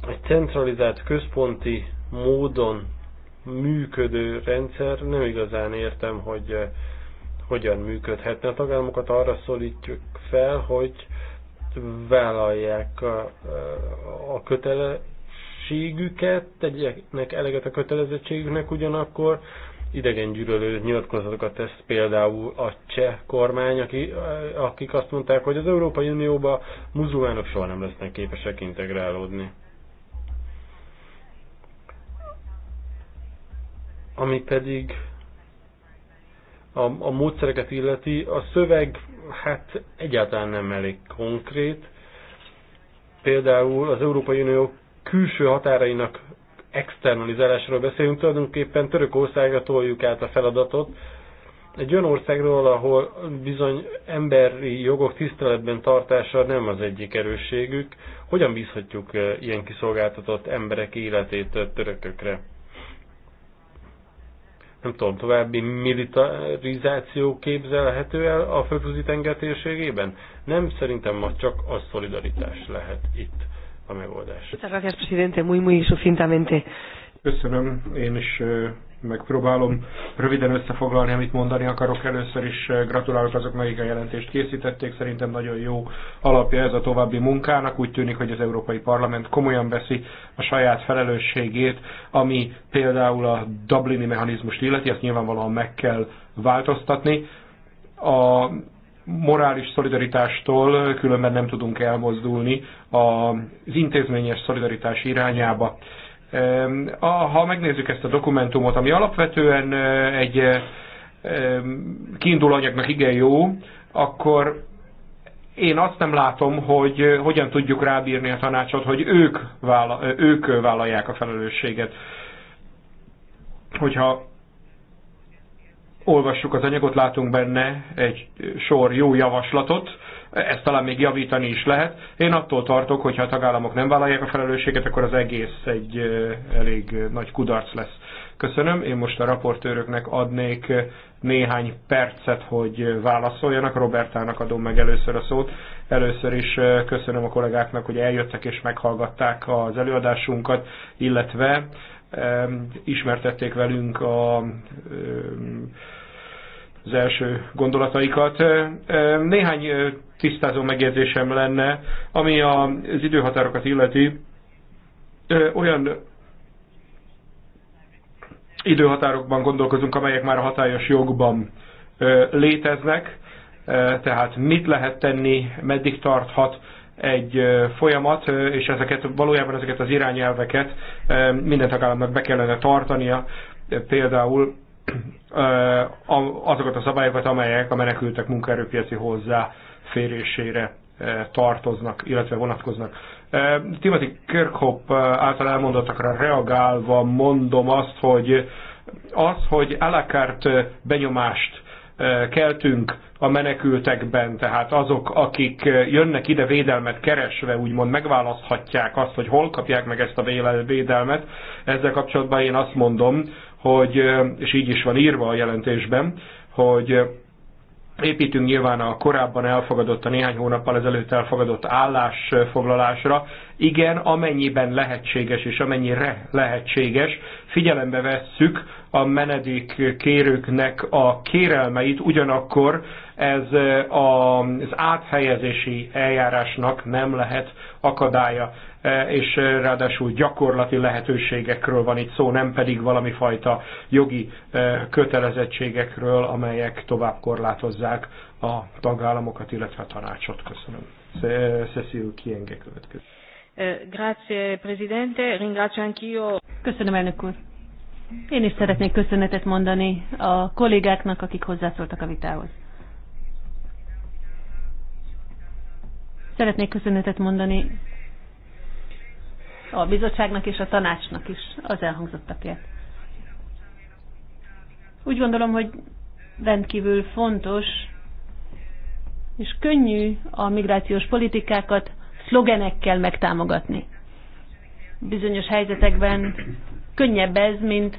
Egy centralizált központi módon működő rendszer, nem igazán értem, hogy eh, hogyan működhetne. A tagállamokat arra szólítjuk fel, hogy vállalják a, eh, a kötelességüket, tegyenek eleget a kötelezettségüknek ugyanakkor, idegen gyűlölő nyilatkozatokat tesz például a cseh kormány, aki, eh, akik azt mondták, hogy az Európai Unióban muzulmánok soha nem lesznek képesek integrálódni. Ami pedig a, a módszereket illeti, a szöveg hát egyáltalán nem elég konkrét. Például az Európai Unió külső határainak externalizálásról beszélünk, tulajdonképpen Törökországra toljuk át a feladatot. Egy olyan országról, ahol bizony emberi jogok tiszteletben tartása nem az egyik erősségük, hogyan bízhatjuk eh, ilyen kiszolgáltatott emberek életét eh, törökökre? nem tudom, további militarizáció képzelhető el a földközi tengertérségében? Nem, szerintem ma csak a szolidaritás lehet itt a megoldás. Köszönöm, én is megpróbálom röviden összefoglalni, amit mondani akarok. Először is eh, gratulálok azoknak, akik a jelentést készítették. Szerintem nagyon jó alapja ez a további munkának. Úgy tűnik, hogy az Európai Parlament komolyan veszi a saját felelősségét, ami például a Dublini mechanizmust illeti, azt nyilvánvalóan meg kell változtatni. A morális szolidaritástól különben nem tudunk elmozdulni az intézményes szolidaritás irányába ha megnézzük ezt a dokumentumot, ami alapvetően egy kiinduló anyagnak igen jó, akkor én azt nem látom, hogy hogyan tudjuk rábírni a tanácsot, hogy ők, vála, ők vállalják a felelősséget. Hogyha olvassuk az anyagot, látunk benne egy sor jó javaslatot, ezt talán még javítani is lehet. Én attól tartok, hogyha a tagállamok nem vállalják a felelősséget, akkor az egész egy elég nagy kudarc lesz. Köszönöm, én most a raportőröknek adnék néhány percet, hogy válaszoljanak. Robertának adom meg először a szót. Először is köszönöm a kollégáknak, hogy eljöttek és meghallgatták az előadásunkat, illetve ismertették velünk a az első gondolataikat. Néhány tisztázó megjegyzésem lenne, ami az időhatárokat illeti. Olyan időhatárokban gondolkozunk, amelyek már a hatályos jogban léteznek, tehát mit lehet tenni, meddig tarthat egy folyamat, és ezeket valójában ezeket az irányelveket minden tagállamnak be kellene tartania, például azokat a szabályokat, amelyek a menekültek munkaerőpiaci hozzáférésére tartoznak, illetve vonatkoznak. Timothy Kirkhope által elmondottakra reagálva mondom azt, hogy az, hogy elakárt benyomást keltünk a menekültekben, tehát azok, akik jönnek ide védelmet keresve, úgymond megválaszthatják azt, hogy hol kapják meg ezt a védelmet. Ezzel kapcsolatban én azt mondom, hogy, és így is van írva a jelentésben, hogy építünk nyilván a korábban elfogadott, a néhány hónappal ezelőtt elfogadott állásfoglalásra. Igen, amennyiben lehetséges és amennyire lehetséges, figyelembe vesszük a menedék kérőknek a kérelmeit, ugyanakkor ez az áthelyezési eljárásnak nem lehet akadálya, és ráadásul gyakorlati lehetőségekről van itt szó, nem pedig valami fajta jogi kötelezettségekről, amelyek tovább korlátozzák a tagállamokat, illetve a tanácsot. Köszönöm. Cecil Kienge következő. Grazie, Presidente. Ringrazio anch'io. Köszönöm, elnök úr. Én is szeretnék köszönetet mondani a kollégáknak, akik hozzászóltak a vitához. Szeretnék köszönetet mondani a bizottságnak és a tanácsnak is az elhangzottakért. Úgy gondolom, hogy rendkívül fontos és könnyű a migrációs politikákat szlogenekkel megtámogatni. Bizonyos helyzetekben könnyebb ez, mint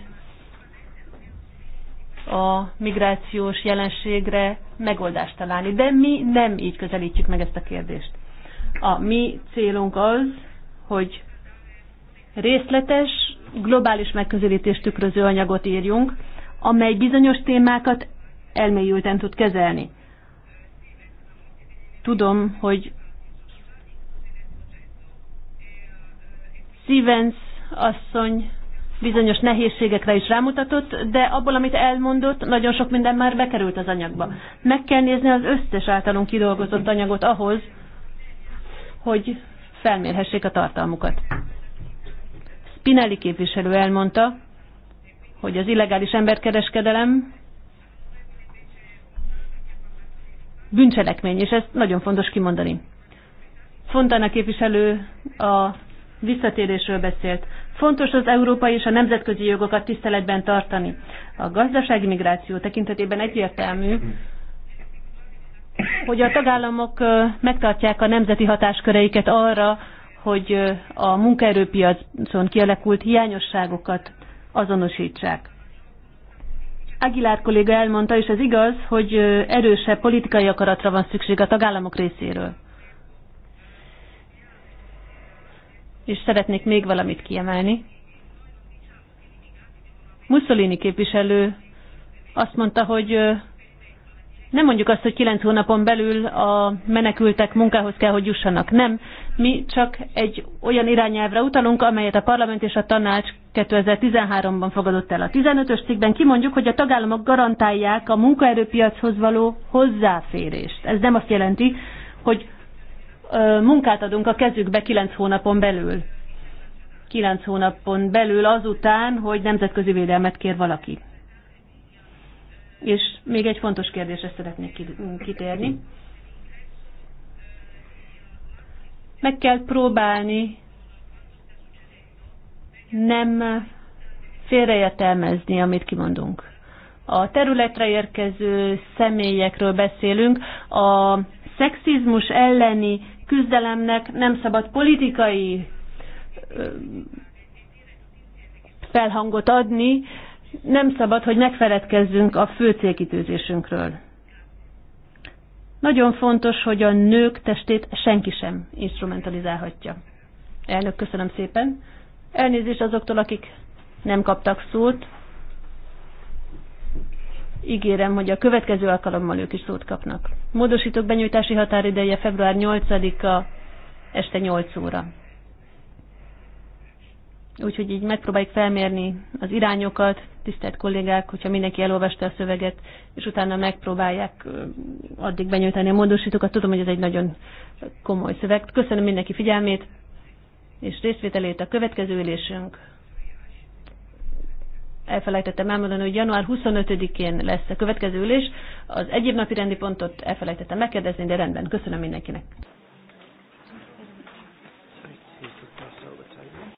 a migrációs jelenségre megoldást találni. De mi nem így közelítjük meg ezt a kérdést. A mi célunk az, hogy részletes, globális megközelítést tükröző anyagot írjunk, amely bizonyos témákat elmélyülten tud kezelni. Tudom, hogy Stevens asszony bizonyos nehézségekre is rámutatott, de abból, amit elmondott, nagyon sok minden már bekerült az anyagba. Meg kell nézni az összes általunk kidolgozott anyagot ahhoz, hogy felmérhessék a tartalmukat. Spinelli képviselő elmondta, hogy az illegális emberkereskedelem bűncselekmény, és ezt nagyon fontos kimondani. Fontana képviselő a visszatérésről beszélt. Fontos az európai és a nemzetközi jogokat tiszteletben tartani. A gazdasági migráció tekintetében egyértelmű, hogy a tagállamok megtartják a nemzeti hatásköreiket arra, hogy a munkaerőpiacon kialakult hiányosságokat azonosítsák. Aguilar kolléga elmondta, és ez igaz, hogy erősebb politikai akaratra van szükség a tagállamok részéről. És szeretnék még valamit kiemelni. Mussolini képviselő azt mondta, hogy nem mondjuk azt, hogy kilenc hónapon belül a menekültek munkához kell, hogy jussanak. Nem, mi csak egy olyan irányelvre utalunk, amelyet a parlament és a tanács 2013-ban fogadott el. A 15-ös cikkben kimondjuk, hogy a tagállamok garantálják a munkaerőpiachoz való hozzáférést. Ez nem azt jelenti, hogy munkát adunk a kezükbe kilenc hónapon belül. Kilenc hónapon belül azután, hogy nemzetközi védelmet kér valaki. És még egy fontos kérdésre szeretnék kitérni. Meg kell próbálni nem félreértelmezni, amit kimondunk. A területre érkező személyekről beszélünk. A szexizmus elleni küzdelemnek nem szabad politikai felhangot adni, nem szabad, hogy megfeledkezzünk a fő célkitűzésünkről. Nagyon fontos, hogy a nők testét senki sem instrumentalizálhatja. Elnök, köszönöm szépen. Elnézést azoktól, akik nem kaptak szót. Ígérem, hogy a következő alkalommal ők is szót kapnak. Módosítók benyújtási határideje február 8-a este 8 óra. Úgyhogy így megpróbáljuk felmérni az irányokat, tisztelt kollégák, hogyha mindenki elolvasta a szöveget, és utána megpróbálják addig benyújtani a módosítókat. Tudom, hogy ez egy nagyon komoly szöveg. Köszönöm mindenki figyelmét és részvételét a következő ülésünk. Elfelejtettem elmondani, hogy január 25-én lesz a következő ülés. Az egyéb napi rendi pontot elfelejtettem megkérdezni, de rendben. Köszönöm mindenkinek.